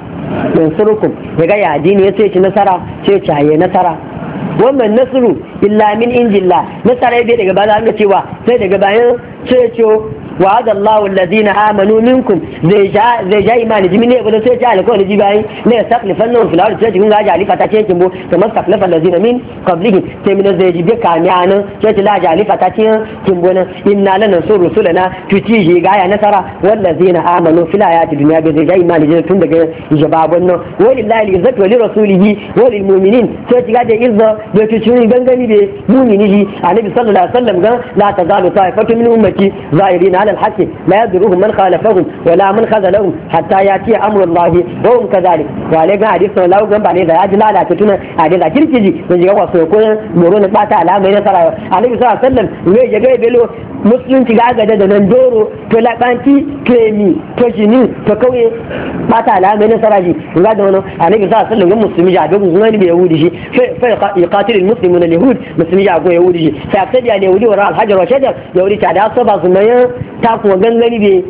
yansurukum ya ga ya dini ya ce ci nasara ce ci haye nasara wannan nasiru illa min injilla nasara ya daga baya an cewa sai daga bayan ceco وعد الله الذين امنوا منكم زي جاء زي جاء إيمان جميل يقول سوى جاء لكم نجيب أي لا يستخلفنهم في الارض سوى جاء جاء لفتا تيكم بو كما استخلف الذين من قبلهم تيمنا زي جيب كامي أنا سوى جاء جاء لفتا تيكم بونا إنا لننصر رسولنا تتيجي غاية نصر والذين امنوا في الايات الدنيا زي جاء إيمان جميل تندق جبابنا ولله العزه ولرسوله وللمؤمنين سوى جاء جاء إذا غنغني بي مؤمنين النبي صلى الله عليه وسلم لا تزال طائفه من امتي ظاهرين على الحق لا يدروهم من خالفهم ولا من خذلهم حتى ياتي امر الله وهم كذلك wale ga hadisi sallallahu alaihi wasallam bane da ya ji lalata tuna a da kirkiji kun ji ga wasu ko moro ne ba ta alama ne sarawa alaihi sallallahu alaihi wasallam ne ya ga bello musulunci ga gada da nan doro to labanci to to jini to kauye bata la mai nasara ga da wannan annabi sa sallan ga musulmi ja ga gungun ne yahudi shi fa yuqatil al muslimuna al musulmi yahudi shi yahudi wa hajar wa shajar yahudi ta da so ba su mai ta ko gangani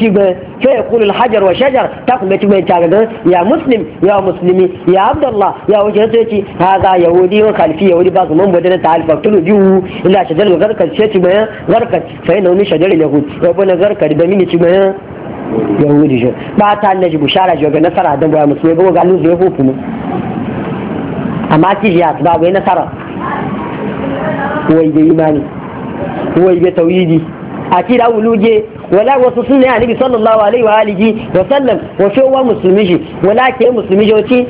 شبه فيقول الحجر وشجر تقوم بتبين تاغد يا مسلم يا مسلمي يا عبد الله يا وجهه تيجي هذا يهودي وخلفي يهودي بعض من بدنا تعال فقتلوا جو الا شجر غرقد شيء تبين غرقد فانه من شجر اليهود ربنا غرقد بمين تبين يهودي جو ما ta naji bushara jo ga nasara بيا baya musulmi قالوا ga luzu ya hofu mu amma ki ya ba ga nasara wai ga imani akida wuluje wala wasu sunna ya nabi sallallahu alaihi wa alihi wa sallam wa shi wa musulmi shi wala ke musulmi ci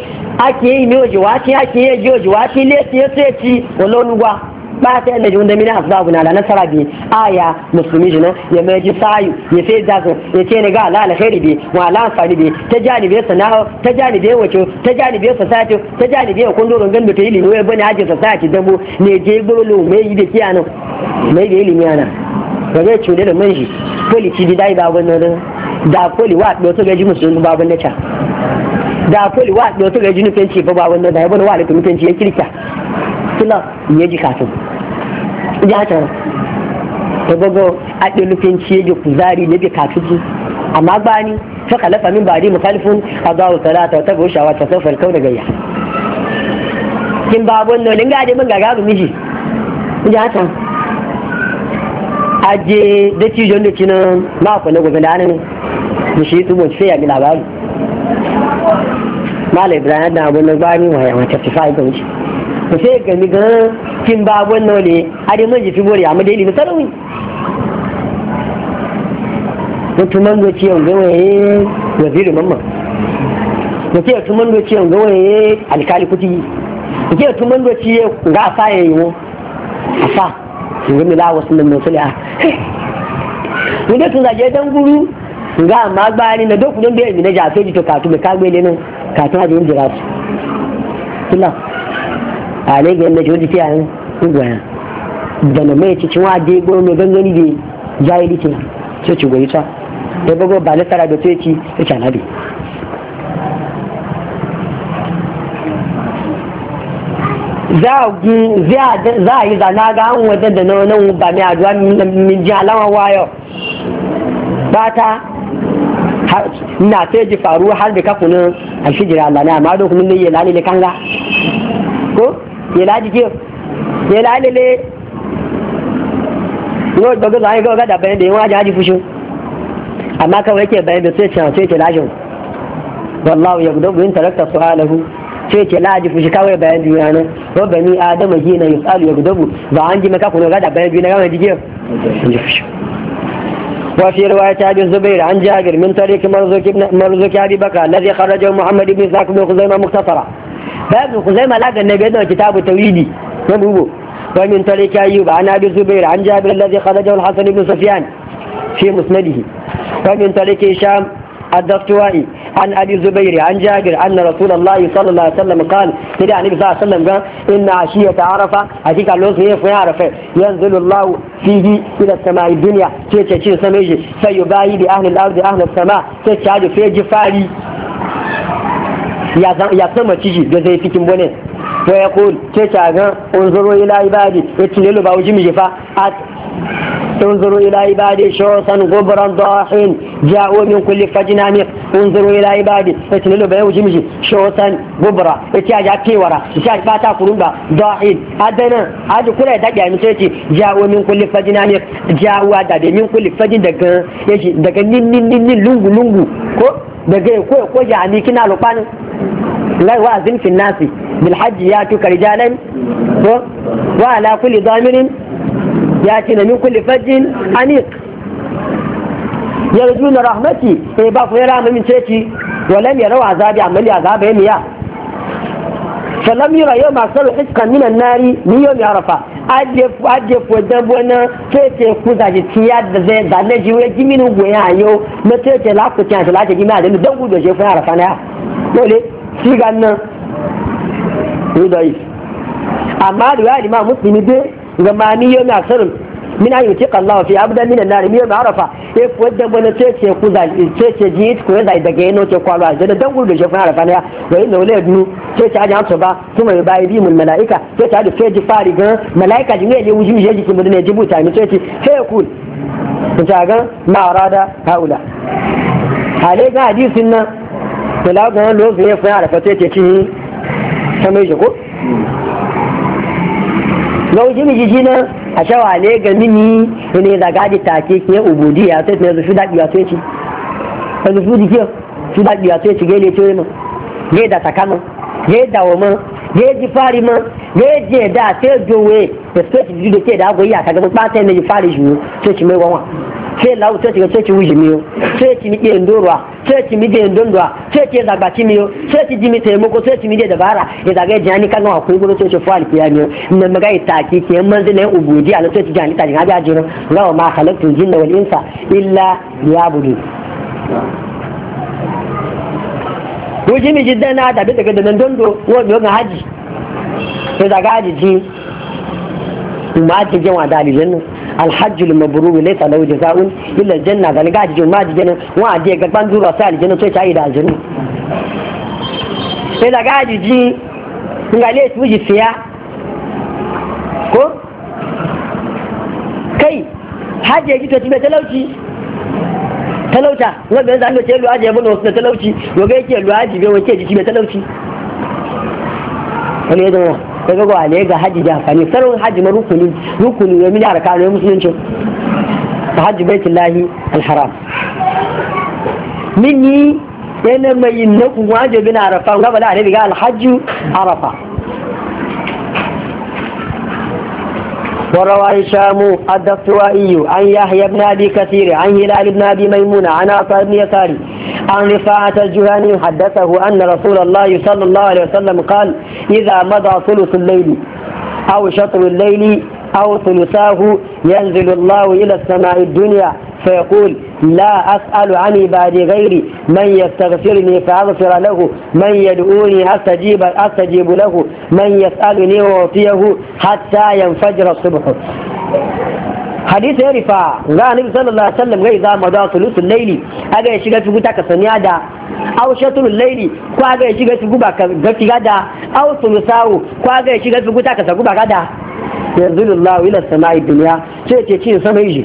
ake yi ne oji ci ake yi ji wa ci le ti yace ci olonugwa ba ta yadda jiwon da mina asbabu na ranar tara biyu aya musulmi jina ya mai ji sayu ya sai zazu ya ce ne ga ala alkhairi bi wa ala amfani bi ta janibe sana'a ta janibe wace ta janibe society ta janibe ya kundo rungan da ta ilimi wai bane hajji society dabo ne je gbolo mai yi da kiyanan mai da ilimi ana daga cune da manji Koli ci dai ba wannan da poli wa do to gaji musu ba wannan ta da poli wa do to gaji nufin ci ba wannan da yabon wa da nufin ci ya kirka kila ya ji kafin ya ta ta gogo a ɗin nufin ci ya ji kuzari ne bi kafin amma bani fa khalafa min ba'di mukhalifun adawu salata wa tabu shawata sawfa al-kawn gayya kin babon no linga de mun ga gabu miji ya ta aje da cijon da cinan lafa na gobe da hannun da shi tubo sai ya bi labari mala ibrahim da abun na gbani wa ya wata fi fa'i gauci ku sai gami gan kin ba abun na wale ade man jifi bori a madaili na sarawi mutumin da ciyon gawaye wazirin mamman mutum ya tuman da ciyon gawaye alkali kuti mutum ya tuman da ciye ga asa ya yi wo asa sun mi lawa sun nan sule a mi da tun zaje dan guru ga ma gbani na doku don bai mi na jafe ji to katu me ka gbele nan katu a jin jira su kula a ne ga na jodi tiyan ugwaya da na mai cikin wa je goro mai gangani da jahili dike ce ci goyi ta da e bago ba na tara da ce ci ta canabi za a yi zana ga an wajen da wani ba mai aduwa min ji alama wayo ba ta na sai ji faru har da kakunan alfijira Allah ne amma dokunan ne yela ne kanga ko yela ji ke yela ne ne yau da gaza ya da bayan da yawa fushin amma kawai ke bayan da sai ce sai ce lashin wallahu ya gudu bin tarakta su halahu sai ce la ajifu shi kawai bayan juna nan wa bani adama hina yusalu yaghdabu ba an ji maka kuma gada bayan juna gama jigiyar وفي رواية أبي الزبير عن جابر من طريق مرزوك ابن مرزوك أبي بكر الذي خرجه محمد بن إسحاق بن خزيمة مختصرة باب خزيمة لقى النبي كتاب التوحيد ومن طريق أيوب عن أبي الزبير عن جابر الذي خرجه الحسن بن سفيان في مسنده ومن طريق هشام الدستوائي عن أبي الزبير عن جابر أن رسول الله صلى الله عليه وسلم قال تدعى النبي صلى الله عليه وسلم قال إن عشية عرفة هتيك اللوز هي في عرفة ينزل الله فيه إلى السماء الدنيا تتشير سميجي فيباهي بأهل الأرض أهل السماء تتشعر في جفاري ya sama ciki da zai cikin bane to ya kul ce ta ga unzuru ila ibadi ya tilo ba wuji mi fa انظروا إلى عبادي شوصا غبرا ضاحين جاءوا من كل فج عميق انظروا إلى عبادي اتنلوا بيو جمجي شوصا غبرا اتياج اتيورا اتياج باتا قرنبا ضاحين أدنا أدو كل يدك يعني سيتي جاءوا من كل فج عميق جاءوا أدابي من كل فج دقا يجي دقا نين نين نين لنغو لنغو كو دقا يكو يكو جعني كنا لقان لا يوازن في الناس بالحج ياتوك رجالا وعلى كل ضامر ya ce na min kulli fajjin aniq yarjuna rahmati sai eh, ba ku yara min ceci walam yarawa azabi amali azaba yamiya falam yura yau masu sarwa iskan minan nari ni yau mai arafa ajiye fudan buwana tece ku zaji tiya da zai da na jiwo ya ji mini goya a yau na tece lakuti a talata gimi a dalil don gudu shi funa arafa na ya dole shi gan nan rudolf amma da ya lima musulmi dai ni yau yana sarin min ayi yuti Allah fi abdan min an-nar mi ma arafa e ko da bana ce ce ku zal ce ce ji ko ku da ga yana ce kwalo a da dan gurbe shefan arafa ne ya inna wala dunu ce ce ajan so ba kuma ya bayi bimul malaika ce ce da feji fari ga malaika ji ne wuji je ji kuma ne jibuta ni ce ce ce ku ku ta ga ma arada haula hale ga hadisin nan to la ga lokacin ya fa arafa ce ce ci kamar shi ko gauji miji jina a shawa ne ga mini ne da gaji take ke ubudi ya sai ne zufi ya sai ci ta zufi di ke su daɗi ya sai ci ce da taka ma gai da wa ma ji fari ma gai je da sai jowe da sai ci da ke da goyi ya kaga ba sai ne ji fari shi sai ci mai wawa sai lawu sai ci sai ci wuji miyo sai ci miƙe ndorwa sai ci miƙe ndondwa sai ci zaga ci miyo sai ci jimi taimako sai ci miƙe dabara ya zaga ya jani kan gawa kuyi sai ci fuwa kiya miyo na maga ita ki ki manzi na ubudi ala sai ci jani ta ga jirin rawa ma khalaqtu jinna wal insa illa liyabudu wuji mi na da daga da nan dondo wo ga haji sai zaga ji dalilin nan alhajjul mabrur laysa lahu jazaa'un illa aljanna ga ga jin ma jin wa je ga ban duro sai aljanna to ta yi da aljanna sai da gaji ji ga le tuji siya ko kai haje ji to tibe talauci talauta wanda zan da ce luwaji ya bano da talauci yoga yake luwaji bai wace ji tibe talauci wani yadda wani. ka ga gwale ga haji da haka ne sarwar haji na rukuni rukuni ya mini harka ne musulunci ta haji baitin lahi alharam mini yana mai yin na kuma haji bin arafa gaba da a ga alhaji arafa وروى هشام الدستوائي عن يحيى بن ابي كثير عن هلال بن ابي ميمون عن عطاء بن يساري عن رفاعة الجهاني حدثه ان رسول الله صلى الله عليه وسلم قال اذا مضى ثلث الليل او شطر الليل او ثلثاه ينزل الله الى السماء الدنيا فيقول لا أسأل عن عبادي غيري من يستغفرني فأغفر له من يدعوني أستجيب, أستجيب له من يسألني وأعطيه حتى ينفجر الصبح hadisi ya rifa za a nabi sallallahu alaihi wasallam gai za mu da sulusul laili aga ya shiga figu ta kasaniya da aw shatul laili ko aga ya shiga figu ba ga figa da aw sulusawu ko aga ya shiga figu ta kasagu ba ga da yanzu lillahi ila samai dunya ce ce cin sama yi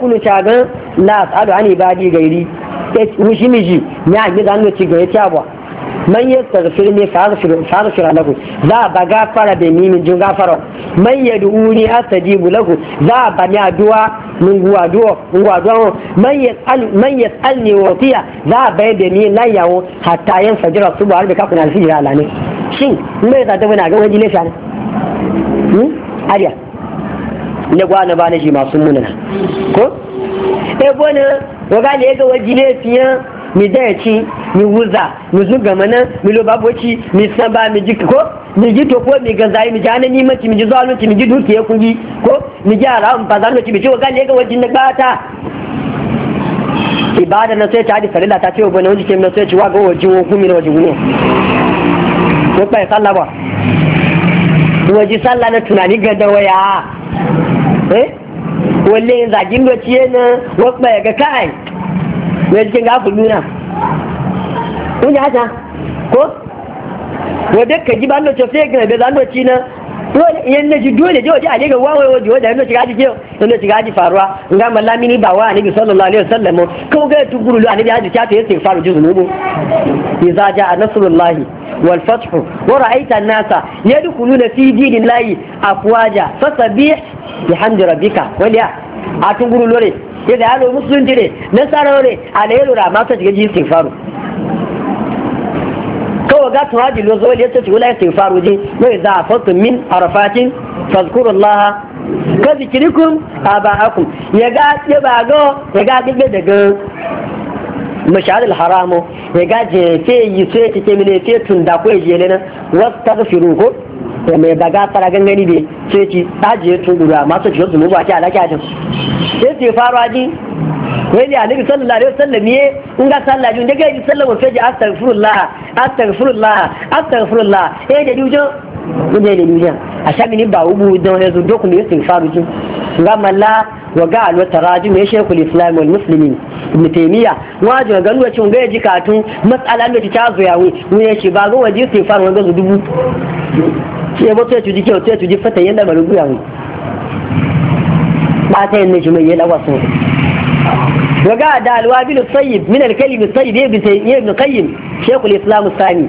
kunu shagan la as'alu ani badi gairi wushi miji ya yi zanu ci gaya ta ba man ya tsarfir ne farfir lahu za ba gafara da ni min jin gafara man ya duuni astajibu lahu za ba ni aduwa min guwa duwa min guwa duwa man ya al, man ya tsal ne za ba da ni la yawo hatta yan fajira subu har da ka kuna alfijira ne, shin me za ta bana ga wani ne hmm ariya ne gwana ba na shi masu na ko e bona waga ne ga waji ne fiye mi ci mi wuza mi zuga mana mi lo ci mi san ba mi ji ko mi ji to ko mi ganza mi jana ni mace mi ji zalunci mi ji dukiya kungi ko mi ji haram ba zalunci mi ji waga ne ga waji na bata ibada na sai ta hadi farilla ta ce wa wani ke na sai ci waje wo kuma na waje gumi ko sallah ba waje sallah na tunani ga dawaya eh walle yin zagin doci yana wasu ya ga kai ya jikin gafu nuna kun ya ta ko wadda ka ji ban doci sai ga bai zan doci na dole yan na ji dole je waje a ga wawaye waje wajen yana shiga jike yana shiga ji faruwa in ga mallami ni ba wa annabi sallallahu alaihi wasallam ko ga tukuru lu annabi haji ta yace faru ji zunubu idza jaa nasrullahi wal fathu wa ra'aita an-nasa yadkhuluna fi dinillahi afwaja fasabbih bihamdi hamdi rabbika waliya a tun guru lore ya da yalo musulunci ne na tsara lore a da yalo da mata shiga ji istighfaru kawo ga tuwa jilo zuwa da yasa tula istighfaru ji mai za a fasu min arafatin laha ka zikirikun a ba haku ya ga ya ba ga ya ga gbe daga mashahar alharamu ya ga jefe yi sai ya cike mine sai tun da kuwa jele nan wasu ta ko da mai daga fara gangani ne sai ci tajiye tun amma masu cikin zunubu a ke alaƙi a can sai ce faru ji wai ne alibi sallallahu alaihi wasallam ne in ga sallah jun daga yi sallama sai ji astaghfirullah astaghfirullah astaghfirullah eh da dujo mun je duniya a shabi ni ba ubu da wani zo dokun ne sun faru jin ga malla wa ga alwa tarajim ya shekul islam wal muslimin ibn taymiya wa ji ga luwa cin ga ji katun matsala da ta zo yawo mun ya ce ba ga waje sun faru ga zo dubu ya ba ta tuji ke ta tuji fata yanda ba rubu yawo ba ta yin najumai ya lawa sun wa ga da alwabil sayyib min al kalim sayyib ibn qayyim shekul islam sani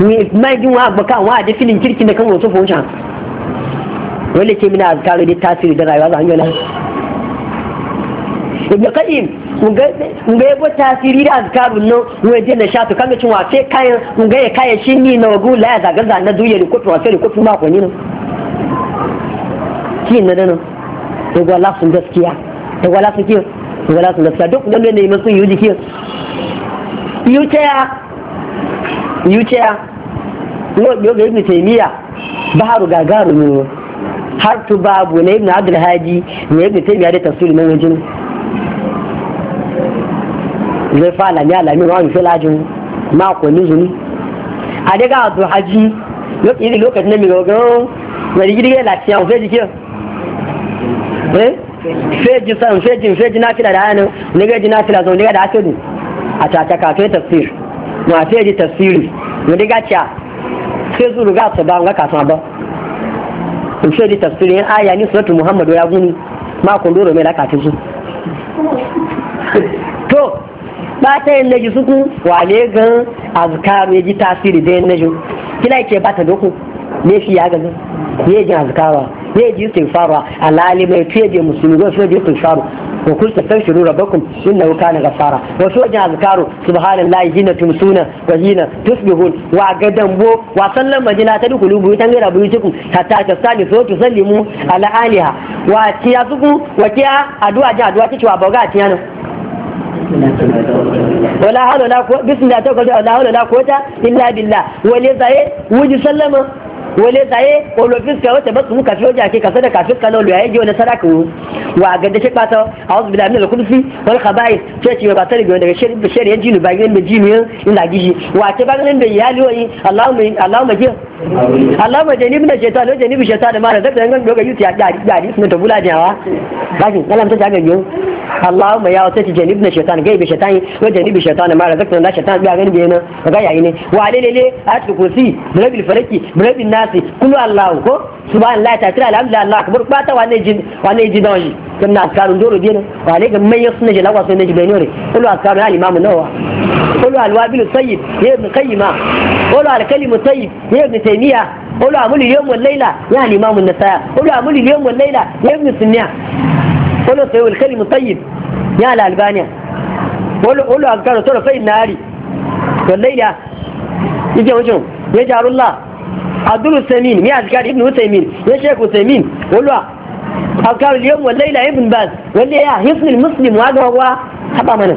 ni mai jin wa ba kan wa da filin kirkin da kan wasu fosha wanda ke mina azkaru da tasiri da rayuwa zan yana ibn qayyim mun ga yabo tasiri da azkarun nan wai da nashatu kan cin wa sai kayan mun ga ya kaya shi ni na wagu la ya zaga zanna duye ni kotu sai kotu ko ni nan kin to ga la sun gaskiya to ga la sun kiyo to ga la sun gaskiya duk ne sun yi jiki yi ta yuciya ga ibn taymiya baharu gagarumin har tu babu na ibn abdul haji na ibn taymiya da tafsiri nan wajen zai fa alami alami wa wani filajin ni zuni a daga abdul haji irin lokacin na ga gaggawa wani girgir lafiya wani ke eh feji san feji feji na fi da ga ji na ne ga da asirin a cakaka tafsir masu yaji tafsiri wani gaciya sai zuru ga su ba wani kasuwa ba in sai yaji tasiri yan aya ni suratu muhammadu ya guni makon doro mai lakacin su
to
ba ta yin naji suku wale gan azkaru ya ji tasiri da yin naji kila ke ba ta doku ne shi ya gani ne jin azkaru ya ji istighfar alali mai fiye da musulmi ko kusa ji istighfar wa kun tastaghfiru rabbakum na kana ghafara wa su wajen azkaru subhanallahi hina tumsuna wa hina tusbihun wa gadan bo wa sallan majina ta duku lubu tan gira bu yutukum hatta ta sani so tu sallimu ala aliha wa tiya zugu wa tiya addu'a ja addu'a ta cewa boga tiya nan wala hawla la ko bismillah ko ala hawla la ta illa billah wa li zaye wuji sallama wale zaye olofis ka wata basu muka shoja ke kasa da kafin kalolu yayin jiwa na sadaka wu wa ga da shi bata a'udhu billahi minal kufri wal khaba'is ce ce ba tare daga shari'a shari'a jinu ba gidan jinu ina gishi wa ce ba gidan da yali wai Allahumma Allahumma ji Allahumma janib na shaitan lo janib shaitan da mara zaka ngan doga yuti ya dari dari sun ta bula jawa bakin kalam ta jaga yo Allahumma ya wata janib na shaitan gaibe shaitan wa janib shaitan mara zaka na shaitan ba ganin bayana ga yayi ne wa lele a cikin kursi birabil faraki birabil nas ikhlasi kullu allah ko subhanallah ta tira alhamdulillah allah akbar ba ta wane jin wane jin don yi kun na karun doro biyo wa ne ga mai sunna je lawa sunna je benore kullu askarun al imam nawa kullu al wabil sayyid ya ibn qayyima kullu al kalimu sayyid ya ibn taymiya kullu amul yawm wal layla ya al imam an-nasai kullu amul yawm wal layla ya ibn sunniya kullu sayyid al kalimu tayyib ya al albaniya kullu kullu askarun tara sayyid nari wal layla ya jarullah abdul usaimin mi azkar ibn usaimin ya sheikh usaimin walwa azkar al-yawm wal layla ibn baz wanda ya hisnul muslim wa ga wa haba mana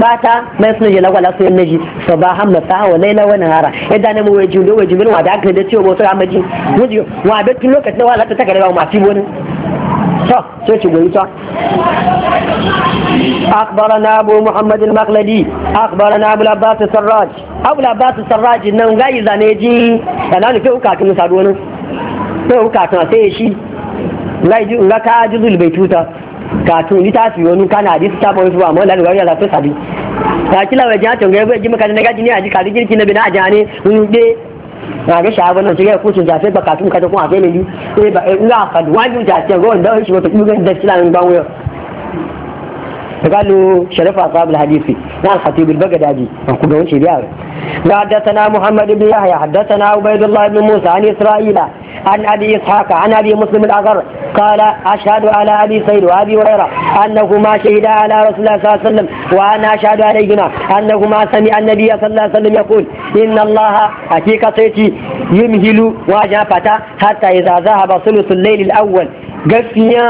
bata mai suna jela kwala su yanayi so ba hamla sa wa laila wani hara idan na mawai wai jumbe wai wa da aka da ciwo wasu amaji mujiyo wa da tun lokacin da wala ta gari ba masu wani ta sai ki goyi ta akhbarana abu muhammad al-maqladi akhbarana abu al sarraj abu al sarraj nan gayi zane ji kana ne kai kin sadu wani sai uka ta sai shi lai ji unga ka ji zul ni ta fi wani kana hadis ta ba su amma lalwa ya lafi sabi ta kila wajen ta ga yabo ji maka ne ne a ji ka bina mun de na ga shago nan cikin kucin jafe ba kafin ka ta kuma a sai ne ni eh ba eh ina fa wani ga wanda shi wata da shi na ban قالوا شرف أصحاب الحديث نعم الخطيب البغدادي نقول لهم شيء بيعرف حدثنا محمد بن يحيى حدثنا عبيد الله بن موسى عن إسرائيل عن أبي إسحاق عن أبي مسلم الأغر قال أشهد على أبي سيد وأبي هريرة أنهما شهدا على رسول الله صلى الله عليه وسلم وأنا أشهد عليهما أنهما سمع النبي صلى الله عليه وسلم يقول إن الله حقيقة يمهل واجه فتى حتى إذا ذهب ثلث الليل الأول gaskiya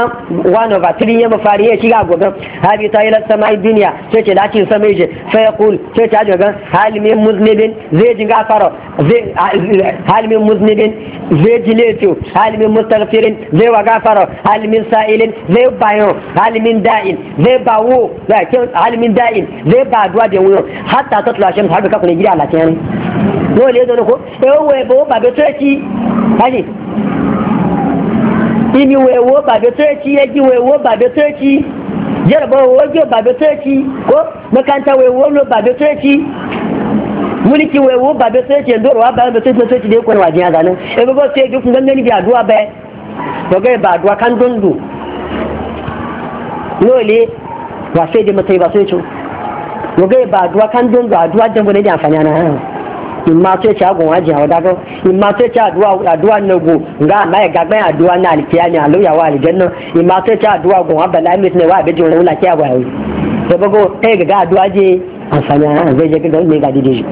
one of three ya mafari ya shiga gobe hali ta yi lasta mai duniya ce ce dace sama yaje sai ya kul ce ce ajo gan halimin muznibin zai ji gafara halimin muznibin zai ji leto halimin mustaghfirin zai wa gafara halimin sa'ilin zai bayo halimin da'in zai ba wo halimin da'in zai ba duwa da wuyo hatta ta tula har da kakune gida a lafiya ne. Yau ne zo ko, ewu wa ba ba bai tuya ini wewo babe toci yaji wewo babe toci jarabawa wajo babe toci ko makanta wewo lo babe toci mulki wewo babe toci yanzu rawa bayan da toci toci da ya kwanwa jiya E ebe ba sai duk gangani bi aduwa bai daga ba aduwa kan dundu lole ba sai da matai ba sai cu daga ba aduwa kan dundu aduwa imma sai ci agun waje hawa daga imma sai ci aduwa aduwa na go nga ma ya gagba aduwa na alkiyani aluya wa aljanna imma sai ci aduwa gun abala mit ne wa be jin wala kiya wa yi da bago kai ga aduwa je amfani a zai je ga ne ga dide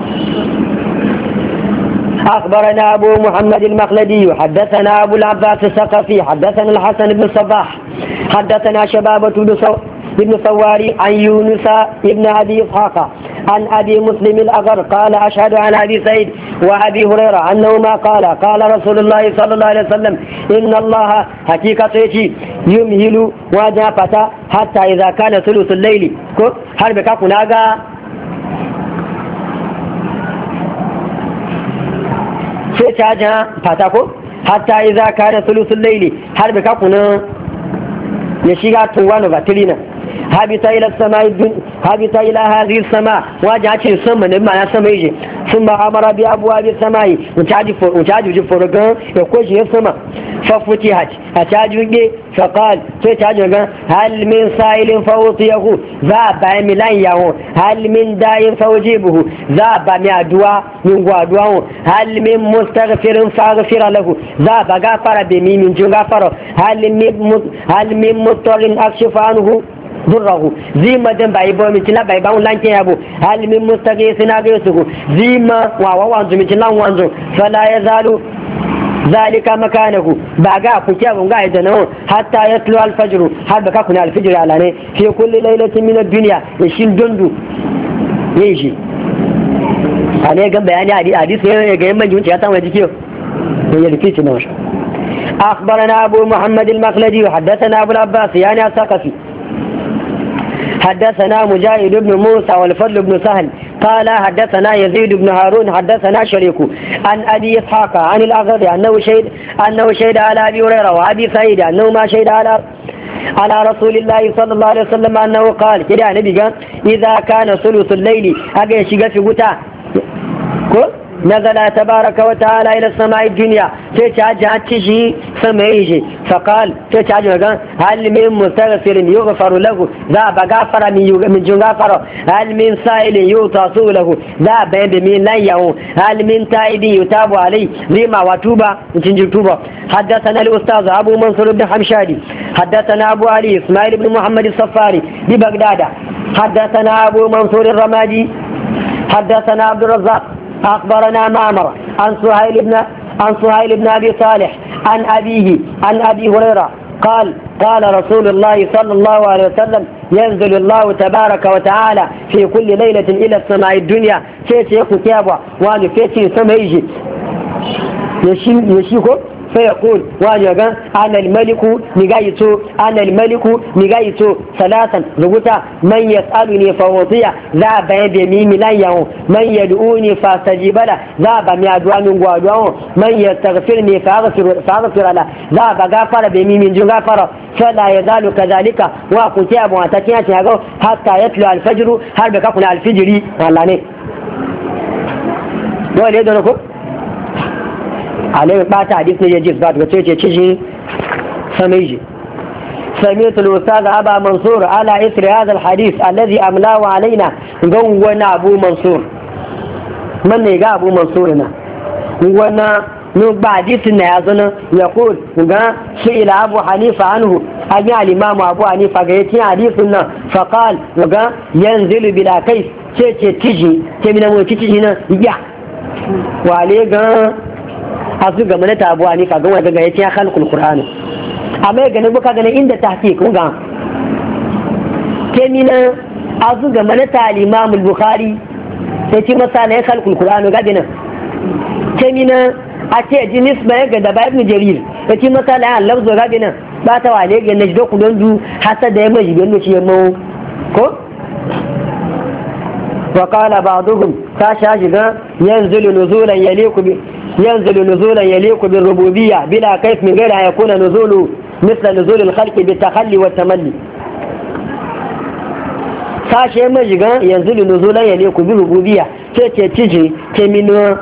أخبرنا أبو محمد المخلدي حدثنا أبو العباس الثقفي حدثنا الحسن بن صباح حدثنا شبابة بن ثواري عن يونس بن أبي إسحاق عن أبي مسلم الأغر قال أشهد عن أبي سعيد وأبي هريرة أنه ما قال قال رسول الله صلى الله عليه وسلم إن الله حقيقة يمهل وجافة حتى إذا كان ثلث الليل هل بك sai ta ja fata ko hatta iza kana thuluthul layli har يشيغا ka kuna habita ila samai habita ila hadhihi sama waje ace sama ne ma sama yaje sun ba amara bi abuwa bi samai mutaji for mutaji ji for ya koje ya sama fa futi haj a taji ge fa qal sai taji ga hal min sa'ilin fa utiyahu za ba mi lan yawo hal min da'in fa ujibuhu za ba mi addu'a min gwa addu'a hal min mustaghfirin fa aghfira lahu za ba gafara bi mi min jin gafara hal min hal min mutarin akshifa durrahu zima dem bayi ba mi tina bayi ba lanke yabo alimin mustaqi sina ga yusuku zima wa wa wanzu mi tina wanzu fala yazalu zalika makanahu ba ga ku kiya mun ga idan hatta yatlu al-fajr har da ka kuna al-fajr ala ne fi kulli min ad-dunya yashin dundu yin a ne bayani a hadisi ne ga yamman jinci ya samu jikiyo ya rikici na أخبرنا أبو محمد المخلدي وحدثنا أبو العباس يعني الثقفي حدثنا مجاهد بن موسى والفضل بن سهل قال حدثنا يزيد بن هارون حدثنا شريك عن أبي إسحاق عن الأغض أنه شهد أنه شهد على أبي هريرة وأبي سعيد أنه ما شهد على على رسول الله صلى الله عليه وسلم أنه قال كده نبي إذا كان ثلث الليل أجي شيغا في غتا نزل تبارك وتعالى إلى السماء الدنيا تتعج هاتشي سمعيه فقال تتعج هل من مستغفر يغفر له ذا بغفر من جنغفر هل من سائل يوتى له ذا بين من لا يهون هل من تائب يتاب عليه لما وتوبة توبة حدثنا الأستاذ أبو منصور بن حمشادي حدثنا أبو علي إسماعيل بن محمد الصفاري ببغداد حدثنا أبو منصور الرمادي حدثنا عبد الرزاق أخبرنا معمر عن سهيل بن عن سهيل بن أبي صالح عن أبيه عن أبي هريرة قال قال رسول الله صلى الله عليه وسلم ينزل الله تبارك وتعالى في كل ليلة إلى السماء الدنيا كيف يكون كيابا وأن كيف يسمى يجي يشيكو sai ya kun wani ya gan ana Maliku, ni ga yi to ana limaliku ni ga yi to salasan rubuta man ya tsalu ne fa wasiya za a bayan da mi milan yawon man ya du'u ne fa sajibala za ba mi aduwa min gwaduwa wa man ya tarfir ne fa haka firala za a ba gafara da mi min jin gafara fala ya zalu kazalika wa ku ta abu wata kiyar ta hatta ya tilo alfajiru har da kakuna alfijiri wala ne. Wani ya zana ko? alai ba ta hadis je yaji ba ce ce ci sami ji sami tulu ustaz aba mansur ala isri hadha al hadis alladhi amla wa alaina gon wana abu mansur man ne ga abu mansur na wana nu ba hadis ne ya zana ya kul ga shi ila abu hanifa anhu aji al imam abu hanifa ga yati hadis nan fa qal ga yanzilu bila kai ce ce tiji ce mina mu tiji na ya wale ga a su game na tabuwa ne kaga wanda ga yace ya khalqul qur'an amma ya gane buka gane inda tahqiq ga kemina a su game na talima mul bukhari sai ci masala ya khalqul qur'an ga dinan kemina a ce ji nisba ya ga da ibn jarir ya ci masala ya lafzo ga dinan ba ta wale ga najdo ku don du hasa da ya maji da shi ya mawo ko وقال بعضهم تاشا جدا ينزل نزولا يليق ينزل نزولا يليق بالربوبية بلا كيف من غيرها يكون نزول مثل نزول الخلق بالتخلي والتملي sashe majigan yanzu da nuzulan ya ne ku bi rububiya ce ce ciji ce minuwa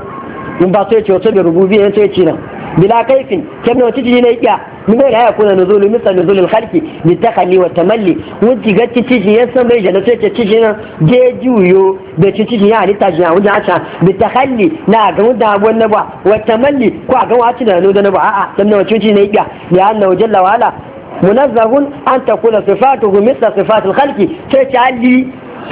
in ba so ce wato da rububiya ya ce nan bila kaifin wato na min bai da haya kuna nuzulu misa nuzulu alkhalqi mitakhali wa tamalli wun ki gacci cici yan san bai jana sai cici na je juyo da cici ya ni ta jiya wunda acha mitakhali na ga wunda abun na ba wa tamalli ko ga wa cici da nuzulu na ba a'a dan na cici ne iya ya Allah jalla wa ala munazzahun an takula sifatuhu misa sifatul khalqi sai ta ali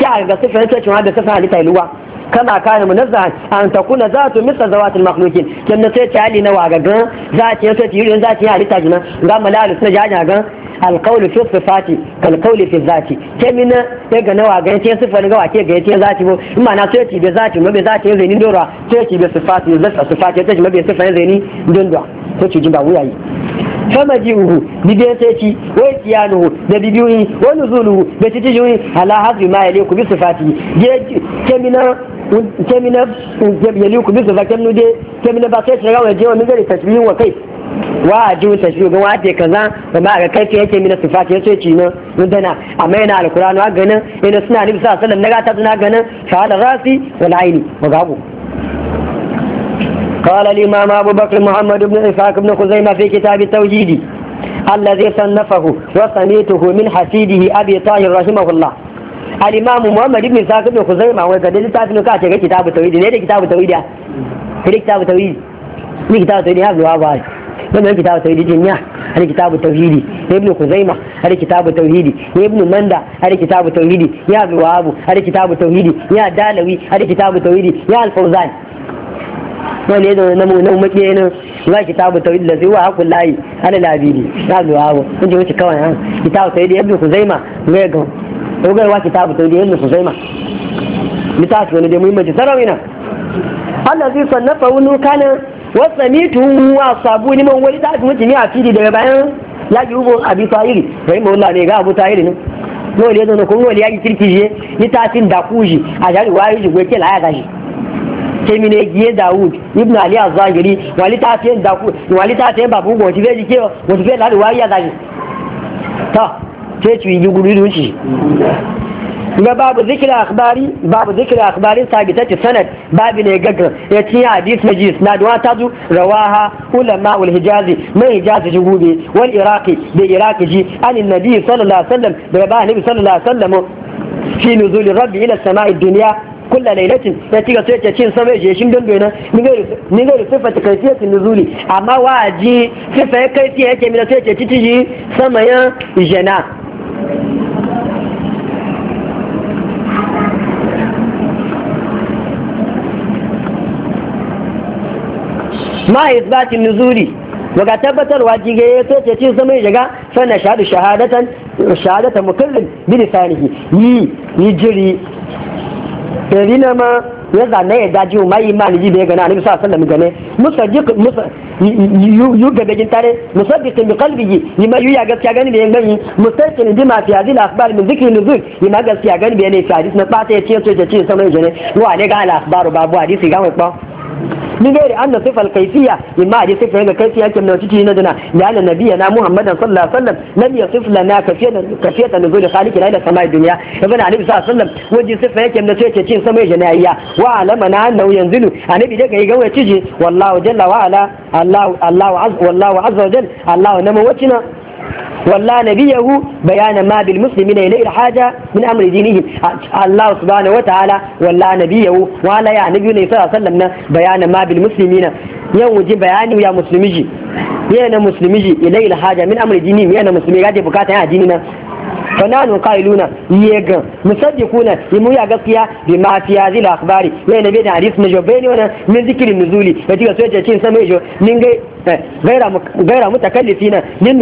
ta ga sifatin cici wanda ta sa halita iluwa kaza kana munazzahan an takuna zatu misal zawatil makhluqin kenan sai ta ali na waga gan za ta yato ta yirin za ta halitta jina ga malalu suna jaja gan alqawlu fi sifati kal qawli fi zati kemina ya ga na waga ta sifani ga wake ga ta zati bo in ma na sai ti be zati ma be zati zai ni dora sai ti be sifati zai sifati ta ma be sifani zai ni dindwa ko ci jimba wuyayi fama jihu bibiyan sai ci wai tiyanu da bibiyoyi wani zuluhu da titiyoyi ala hazbi ma yale ku bi sifati ke mina كمينة يليوك بيزا فكمنو دي كمينة باقية شغا ويجيو ومزل تشبيه وكيف واجو تشبيه وقوا عاتي كذا وما عقايت يهي كمينة صفات يهي شينا ندنا أمين على القرآن وقنا إن سنة النبي صلى الله عليه وسلم نقا تبنا قنا فعلى غاسي والعيني وقابو قال الإمام أبو بكر محمد بن إفاق بن خزيمة في كتاب التوجيدي الذي صنفه وصنيته من حسيده أبي طاهر رحمه الله al-imamu muhammad ibn sa'd ibn khuzaimah wai gadin littafin ka ce ga kitabu tauhid ne da kitabu tauhid ya kire kitabu tauhid ni kitabu tauhid ya zuwa ba wannan kitabu tauhid din ya hada kitabu tauhidi ne ibn kuzaima hada kitabu tauhidi ne ibn manda hada kitabu tauhidi ya abu wahabu hada kitabu tauhidi ya dalawi hada kitabu tauhidi ya al-fawzan wani da na mu nan makiye nan ba kitabu tauhid da zuwa hakun layi ala labiri ya abu wahabu kun ji wuce kawai ha kitabu tauhidi ibn kuzaima ne ga wa kitabu tauhid ibn suzaima litafi ne da muhimmanci sarawina Allah zai sannafa wani kanin wasa mitu wa sabu ni man wani tafi mutum ya fili daga bayan yaji ubon abi tahiri bai mawla ne ga abu tahiri ne dole ya zauna kun wani yaji kirki je ni tafin da kuji a jari wayi ji goke la ya gashi ke mine giye daud ibn ali az-zahiri wali tafin da ku wali tafin babu goji bai ji ke wani bai la wayi ya gashi ta sai ci yi guri duci ga babu zikirin akbari babu zikirin sanad babu ne gaggar ya hadis na jis na duwa ta zu rawaha ulama ul hijazi mai hijazi ji gube wal iraqi da iraqi ji anin nabi sallallahu alaihi wasallam da ba nabi sallallahu alaihi wasallam fi nuzul rabbi ila duniya kula kulla lailatin ya ci ga sai ta cin sama je shin don ta amma waji sifa ya kaifiya yake mina sai jana ma isbatin nuzuri daga tabbatarwa jige ya so ce ci yi shiga sannan shahadu shahadatan shahadatan mukallin bi lisanihi yi yi jiri na ma ya zane ya daji ma imani ji bai gana annabi sallallahu alaihi wasallam gane musaddiq yu gabegin tare musaddiqin bi qalbihi yima yu ya gaskiya gani bai gani mustaqin bi ma fi hadhihi al-akhbar min dhikri nuzul yima gaskiya gani bai ne fi hadith na ba ta ya ce to ya ce sama ya ne wa ne ga al-akhbar babu hadisi ga wai ba min gairi anna sifal kayfiyya imma a sifa yana kayfiyya kin nan cikin nadana ya ala nabiyya na muhammadan sallallahu alaihi wasallam lam yasif lana kafiyatan kafiyatan nuzul khaliqi ila samai dunya ibn ali sallallahu alaihi wasallam waje sifa yake na ce cin sama janayya wa alama na annahu yanzilu annabi da kai gawa ciji wallahu jalla wa ala allah allah azza wallahu azza wa jalla allah na mawacina walla nabiyahu bayana ma bil muslimina ila il haja min amri dinihim Allah subhanahu wataala walla nabiyahu wala ma bil yan wuji bayani ya musulmiji yana musulmiji ila il haja min amri dinihim yana musulmi bukata ya dini na fa kailuna qailuna yegan musaddiquna ya gaskiya bi ma fi hadhihi akhbari ya nabi da hadith na jobeni wannan min zikirin nuzuli ya tiga soje cin sama jo min ga gaira gaira mutakallifina min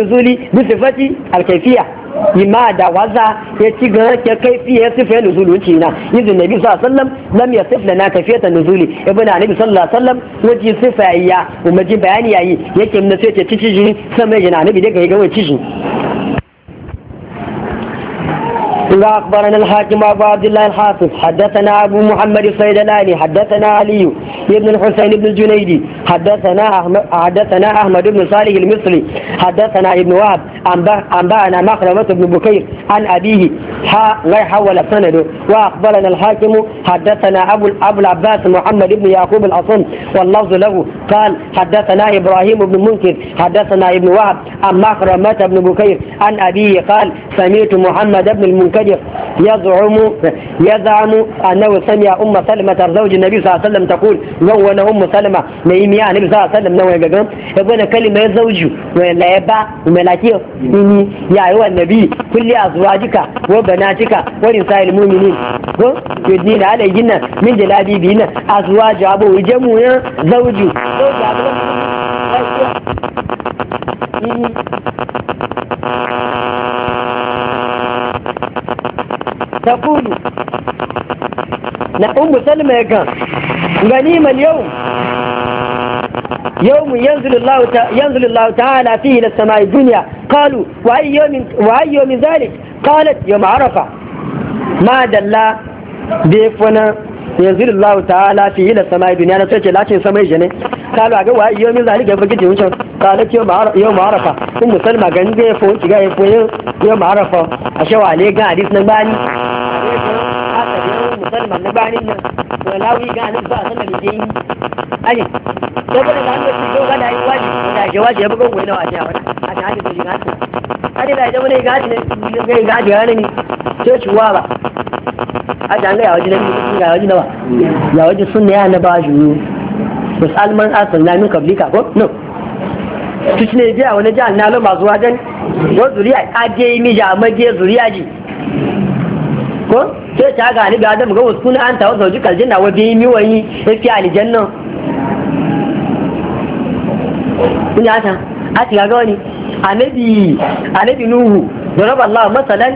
da waza ya ci ga ke kaifi na idan nabi sallallahu alaihi wasallam lam ya kuma ji bayani yayi yake mun sai ce sama daga قل أخبرنا الحاكم أبو عبد الله الحافظ حدثنا أبو محمد الصيدلاني حدثنا علي بن الحسين بن الجنيدي حدثنا أحمد حدثنا أحمد بن صالح المصري حدثنا ابن وهب أنبأنا مخرمة بن بكير عن أبيه ها غير حول سنده وأخبرنا الحاكم حدثنا أبو, أبو العباس محمد بن يعقوب الأصم واللفظ له قال حدثنا إبراهيم بن منكر حدثنا ابن وهب عن مخرمة بن بكير عن أبيه قال سمعت محمد بن المنكدر يزعم يزعم أنه سمع أم سلمة زوج النبي صلى الله عليه وسلم تقول نون أم سلمة نيميا يعني النبي صلى الله عليه وسلم نوى نعم جاكم يقول كلمة زوج ولا يبا وملاكيه يا أيها النبي كل أزواجك وب بناتك ونساء المؤمنين
ko yudnina
alayhinna min jalabibihinna azwaju abu jamu ya zawju ko تقول نقوم سلمة يا غنيم اليوم يوم ينزل الله ينزل الله تعالى فيه الى السماء الدنيا قالوا واي يوم واي يوم ذلك qalat ya ma'arafa ma dalla da ya fana yanzu da Allah ta'ala fi ila samai duniya na sai ce lacin samai jane kalu ga wa yau min zalika fa kitin wucin qalat ya ma'arafa ya ma'arafa kun musalma gan da ya fo shiga ya fo ya ma'arafa ashe wa le ga hadis nan bani
musalman na banin nan walawi ga nan ba sanar da yi ani saboda da an da shi ga da yi wajibi jawaji yabu gongo ina waje wata aka haje ji gati ade da jamu ne
gati ne ga gati ga ne ce chuwa ba a janga ya waje ne ga waje na ba ya waje sunna ya na ba ju musal man asalna min qablika ko no tuci ne biya wani jihar nalo masu wajen ko zuriya aje mi ja maje zuriya ji ko sai ta ga ni ga adam ga wasu kuna an tawo zauji kaljanna wa bi kun ya san a tiga ga wani annabi annabi nuhu ضرب الله مثلا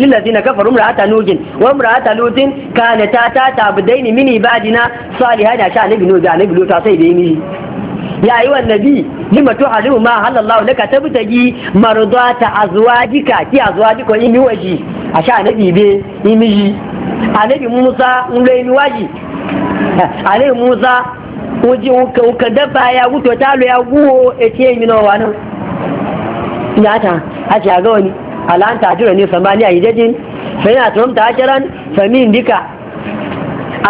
للذين كفروا امرأة نوح وامرأة لوط كانتا تاتا عبدين من عبادنا صالحين عشان نبي نوح نبي لوط عصي بيمي يا أيها النبي لما تحرم ما حل الله لك تبتجي مرضات أزواجك تي أزواجك وإمي وجي عشان نبي بي إمي النبي موسى ولين واجي النبي موسى waje ka dafa ya guto talo ya guho e ce yi nawa wani ya ta a ce ga wani alanta jira ne samaniya yi jajin fa yana turamta a fa min dika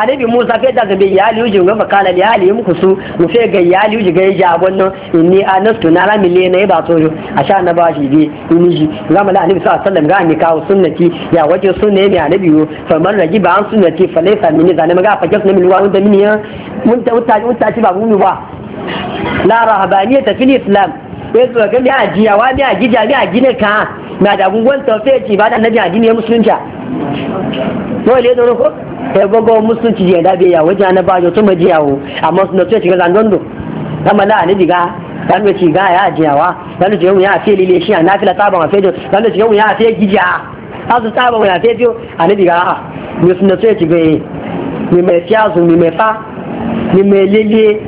anabi musa fe da zabe ya li uji ga makala da ali muku su mu fe ga ya li uji ga ya ja inni anastu na rami le na ba tojo a sha na ba shi bi inni ji ga mala anabi sallallahu alaihi wasallam ga ni kawo sunnati ya waje sunne ne anabi yo fa man raji ba an sunnati fa le fa min zalima ga fa kasna min wa da min ya mun ta uta uta ci ba mu ba la rahabaniyata fil islam yanzu ga mi ajiya wa mi ajija mi ajine ka na da gungun tafiya ci ba da annabi addini ya musulunci yau le doro ko ya gogo musulunci je da bai yawo na ba jo to ma je yawo amma sun ce ga zangondo kama na ne diga dan ne ci ga ya je yawa dan je mu ya fi lile shi na fila taban a fejo dan je mu ya fi gija azu taban ya fejo annabi diga a ah, ne sun ce ci ga ni ti azu ni me fa ni me lele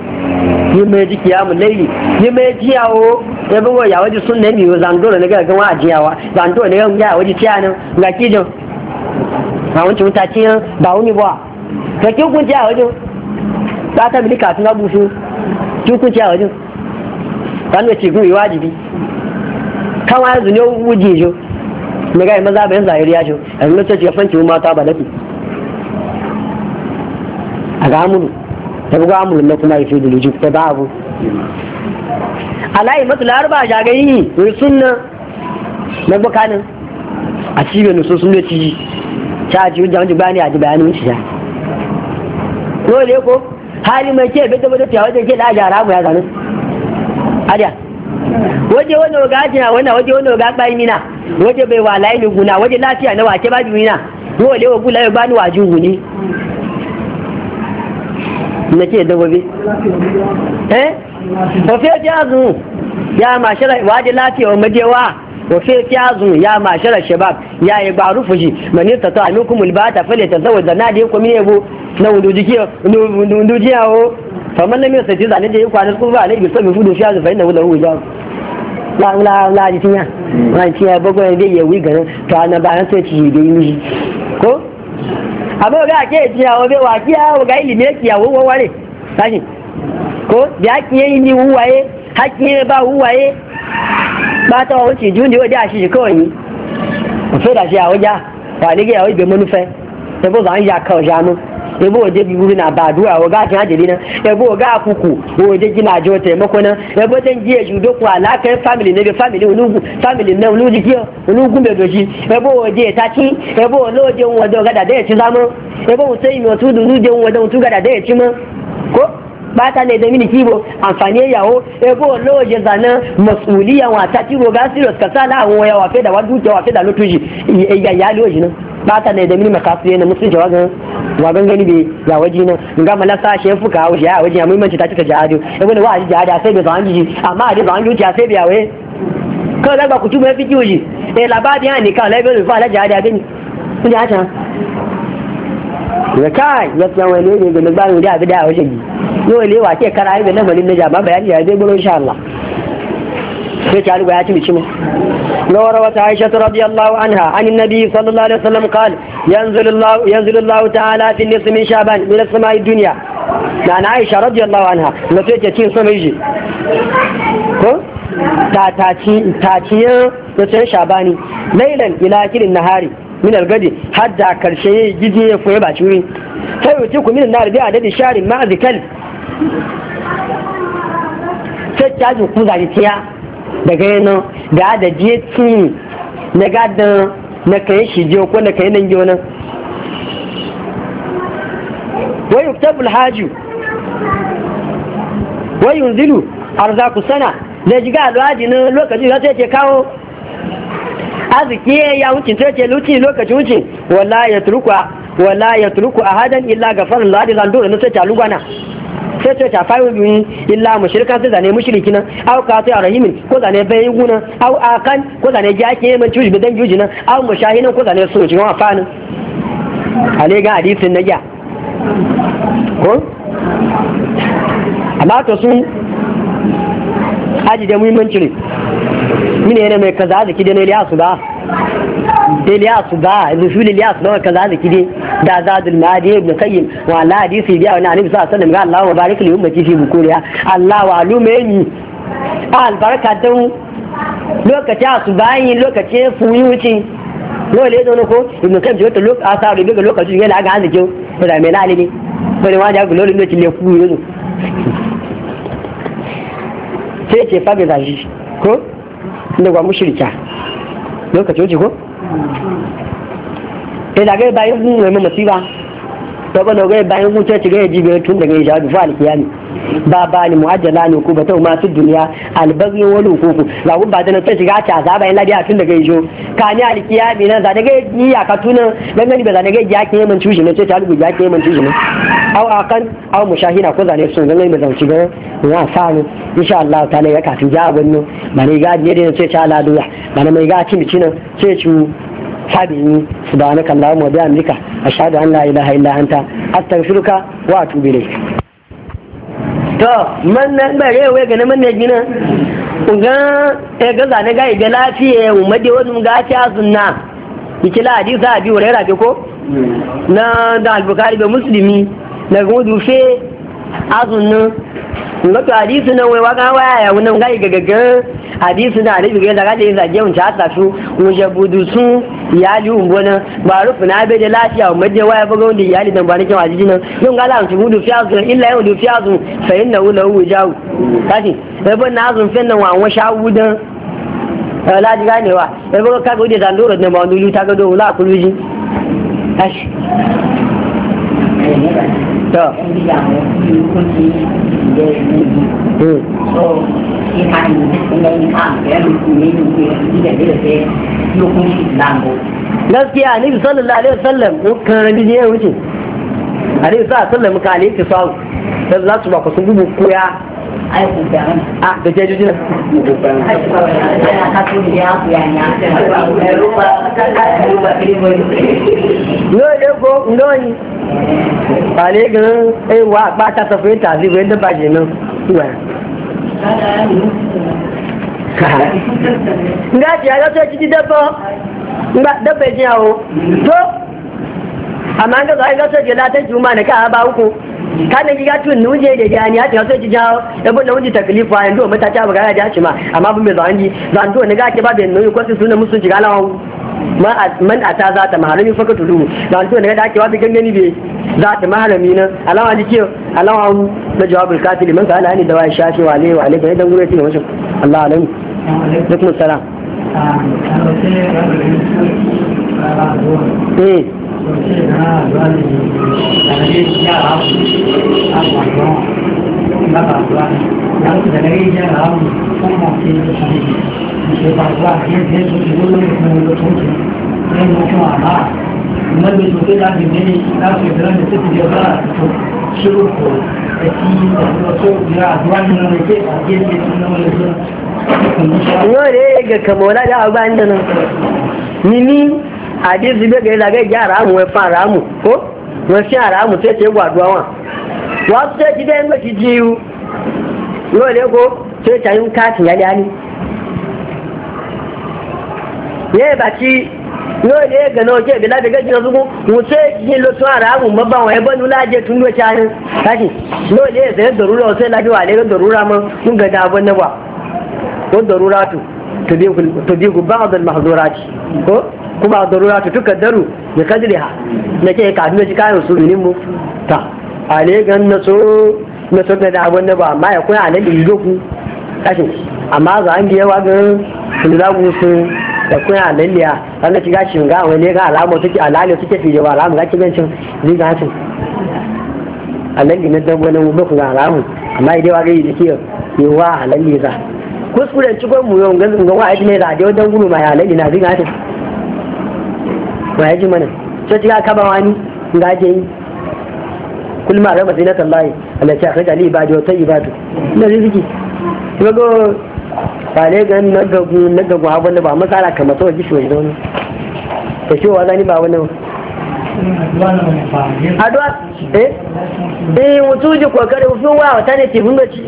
ni mai jikiya mu laili ni Me jiyawo ya ya waje sun ne biyo zando ne ga gan ajiyawa zando ne ga waje tiyanin ga kijin ba wani cuta tiyan ba ba ka ki kun tiya waje ba ta milika tun abu su ki kun waje kan wuje ga maza bayan zahiri ya jo a yanzu ce ya mata ba ga na alayi masu laraba a shagayi wani suna na bukanin a cibiyar nusu sun da ciji ta ji wajen wajen bayani a ji bayanin wuce ya dole ko hali mai ke bai tabbatar cewa wajen ke da ajiya ramu ya zanen ajiya waje wani waga ajiya wani waje wani oga bayi mina waje bai wa layi ne guna waje lafiya na wake ba wa gula ya bani guni na ke eh wafe jazun ya mashara waje lati wa madewa wafe ya mashara shabab ya yi ba rufu shi mani ta ta kuma fale ta zawo zana da yabo na o na mai sai zane da kwanar kuma ne so fudu shi zufa ko da hakin yayi ni huwaye hakin yayi ba huwaye ba ta wa ci jundi wa da shi kawai ni ko da shi awoja wa ba ni ibe yawo be manufa sai bo zan ya kawo janu sai bo bi bibu na ba duwa wa ga kin na sai bo ga kuku wo na ebe bo tan giye judo alaka family ne be family ulugu family na ulugu kiyo ulugu be doji sai bo ta bo lo wo do ga da Ba ta ne da mini bo, amfani yawo ebo lowo je zana masuliya wa ta tiro ga siro ka sala awon ya wa fe da wadu ta wa fe da lotuji ya ya lowo jina bata ne da mini makasiye na musu jawagan wa gangani be ya waji na ga mala sa she fuka hawo ya waji amma mun ci ta ci ta jihadu ebo ne wa ji jihadu sai be zan ji amma ade zan ji sai be yawe ko da ba ku tu me fi ji e labadi ya ni ka, kan lebe fa la jihadu abin kun ya ta ya kai ya tsawo ne ne ga labarin da abida a wajen yau ne wa ke kara da lamarin na jama'a bayani ya zai gulo insha Allah sai ta ruwa ya ci mu. na wata aisha ta radiyallahu anha an nabi sallallahu alaihi wasallam qal yanzu Allah ta'ala fi nisfi min shaban min as-sama'i dunya na na aisha radiyallahu anha na sai ta cin sama yiji ko ta ta ci ta ci na sai shabani lailan ila kilin nahari min al-gadi hatta karshe yayi gije ya foye ba ciwi sai wuce ku min nar bi adadi sharin ma azkal sai caji ku zari tiya daga yana da da je tuni na gadan na kai shi je ko na kai nan je wannan ta yuktabu alhaju wa yunzilu arzaku sana da ga alwaji na lokaci za ta ce kawo arziki ya wuce ta ce luci lokaci wuce wala ya turku wala ya turku ahadan illa ga farin da zandura na sai ta lugwana sai ce ta fayu min illa mushrika sai zane mushriki nan aw ka ta rahimin ko zane bayin guna aw akan ko zane jaki mun tuji bidan juji nan aw mushahinan ko zane su wa afanin ale ga hadisin na ya ko amma to su aji da muhimmanci ne mine ne mai kaza zaki da ne liya su ba Ilyas ba Rasul Ilyas da kaza da kide da Zadul Ma'adi ibn Qayyim wa la hadisi biya wa Annabi sallallahu alaihi wasallam Allah wa barik li ummati fi bukuriya Allah wa lumeni albarka dan lokaci asu bayin lokaci fuyi wuce dole da ko ibn Qayyim wata lokaci asa da ga lokaci yana ga hanzu jo da mai lalimi bari ma da gulo lokaci ne ku yanzu sai ce fa ga zaji ko inda ga mushrika lokaci wuce ko ina gai bayan ẹ̀mọ́ mai nasiba wa tọ́gbọ́n ọgọ́ ìbáyé fún church gẹ́gẹ́ jí bẹ̀rẹ̀ tún dẹ̀gẹ́ fa ba ba ni muajjala ne ko bata ma su duniya albazi wani hukuku la ku ba dana sai shiga ta azaba yana biya tun daga yijo ka ni bi nan za daga yi ya ka tuna dan gani ba za daga ya ke man cushi ne ce ta lugu ya ke man cushi ne aw akan aw mushahina ko zane sun ganin ba zauci ga ya sanu insha Allah ta ne ya kafin ja abun ba ne ga ne da ce ta laduya ba ne mai ga cin bicin sai ci tabi'i subhanakallahumma wa bihamdika ashhadu an la ilaha illa anta astaghfiruka wa atubu ilayk to man na bare wai ga man na gina ga e eh, ga zane ga ga lafiye mu made wani ga ta sunna kike la hadisi abi hurairah ko hmm. na da al-bukhari da muslimi na gudu fe azunin ngato hadisu nan wai waka waya ya wunan gai gagaga hadisu na alibi gaza gaje yin zage mun ta su mun je budu su iyali un bona ba rufu na be da lafiya mun je waya buga wanda iyali dan ba nake wajiji nan yun gala mun budu fi azu illa yau du fi azu fa inna hu lahu jawu kashi sai ban na azun fin nan wa eh, wa wudan laji ganewa sai buga kaga wanda zan dora da ba wani ta ga do la kuluji kashi ta gaskiya ne bi sallallahu alaihi wasallam kan rabi ne wuce a ne sa sallam ka ne ki sawu da za su ba ku gubu koya a ah, da ke jujina no ne ko ndoni ba ne a aiwa ba ta tafiye ta zai bayan da ba nga ti to titi debo nga debo ji awo to ama nga ga ga so je te ne ka ba uku ka ne ga ndị nu je de ja ni ati so ji jawo e bo nu ji taklifu ai ndo mata ta ba ga ja ci ma amma bu me zanji zan to ne ga ke ba be nu ko su na musu ji ga man a ta za ta maharami faka tulu da wani ne da ake wata gangani bai za ta maharami nan alama ji ke alama na jawabul kafiri man ka ala ne da wani shafi wa ne wa ne ga idan gure tilo mashi Allah alamu alaikum salam
eh Gracias.
谁把是吧？天天出去都有可能
有冲突，天天去网吧，你们民族对咱民间那水平你自己就干了，吃苦的基因的这个受苦啊，不管你们这把阶级什么的是。Nyɔ
ɖe ge kemɔla ɖe awo ba ŋdɔ nɔ. Nini adi si be ge la ge dza ara mu efa ara mu ko ŋɔsi ara mu tete wa do awon. Wa tete ɖe ŋgbe titi wu. Nyɔ ɖe ko tete anyi ka ti ya ɖe ani. ye bati yo le ga no ke bila daga jina zugu wuce yin lo tuwa ra mun babban wa yabo e nula je tun do chahin kashi yo le da darura sai lafi wa le ga darura mun mun ga da abun na ba ko darura tu, to daruratu tudiku ba'd al-mahdhurat ko kuma darura daruratu tukaddaru bi qadriha nake ka dole shi kayan su ni mu ta ale gan na so na so da abun na ba amma ya koyi anan da yigo ku kashi amma za an biya wa ga sun da ku sun da kun alaliya wanda ki gashi ga wani ga alama take alali take fije ba alamu zaki bencin ni ga hatin alali na dabbo na mu ku ga alamu amma idai wa gai dake yawa alali za kuskuren cikon mu yau gazin ga wa'adi ne da dai dan gulu mai alali na ga hatin wa yaji mana ji ka ba wani ga je yi kulma rabbi zinatallahi allati akhrajali ibadi wa tayyibatu da riziki ga ba ga na gagu na gagu ha wani ba matsala kamar to gishi shoyi zaune ta ce wa zani ba wani adwa eh eh wutu ji kokari fi wa wata ne ke hundo ci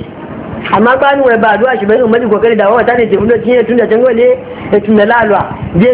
amma ba ni wai ba adwa shi bai umma ji kokari da wata ne ti hundo ci ne can gole ne tunda lalwa je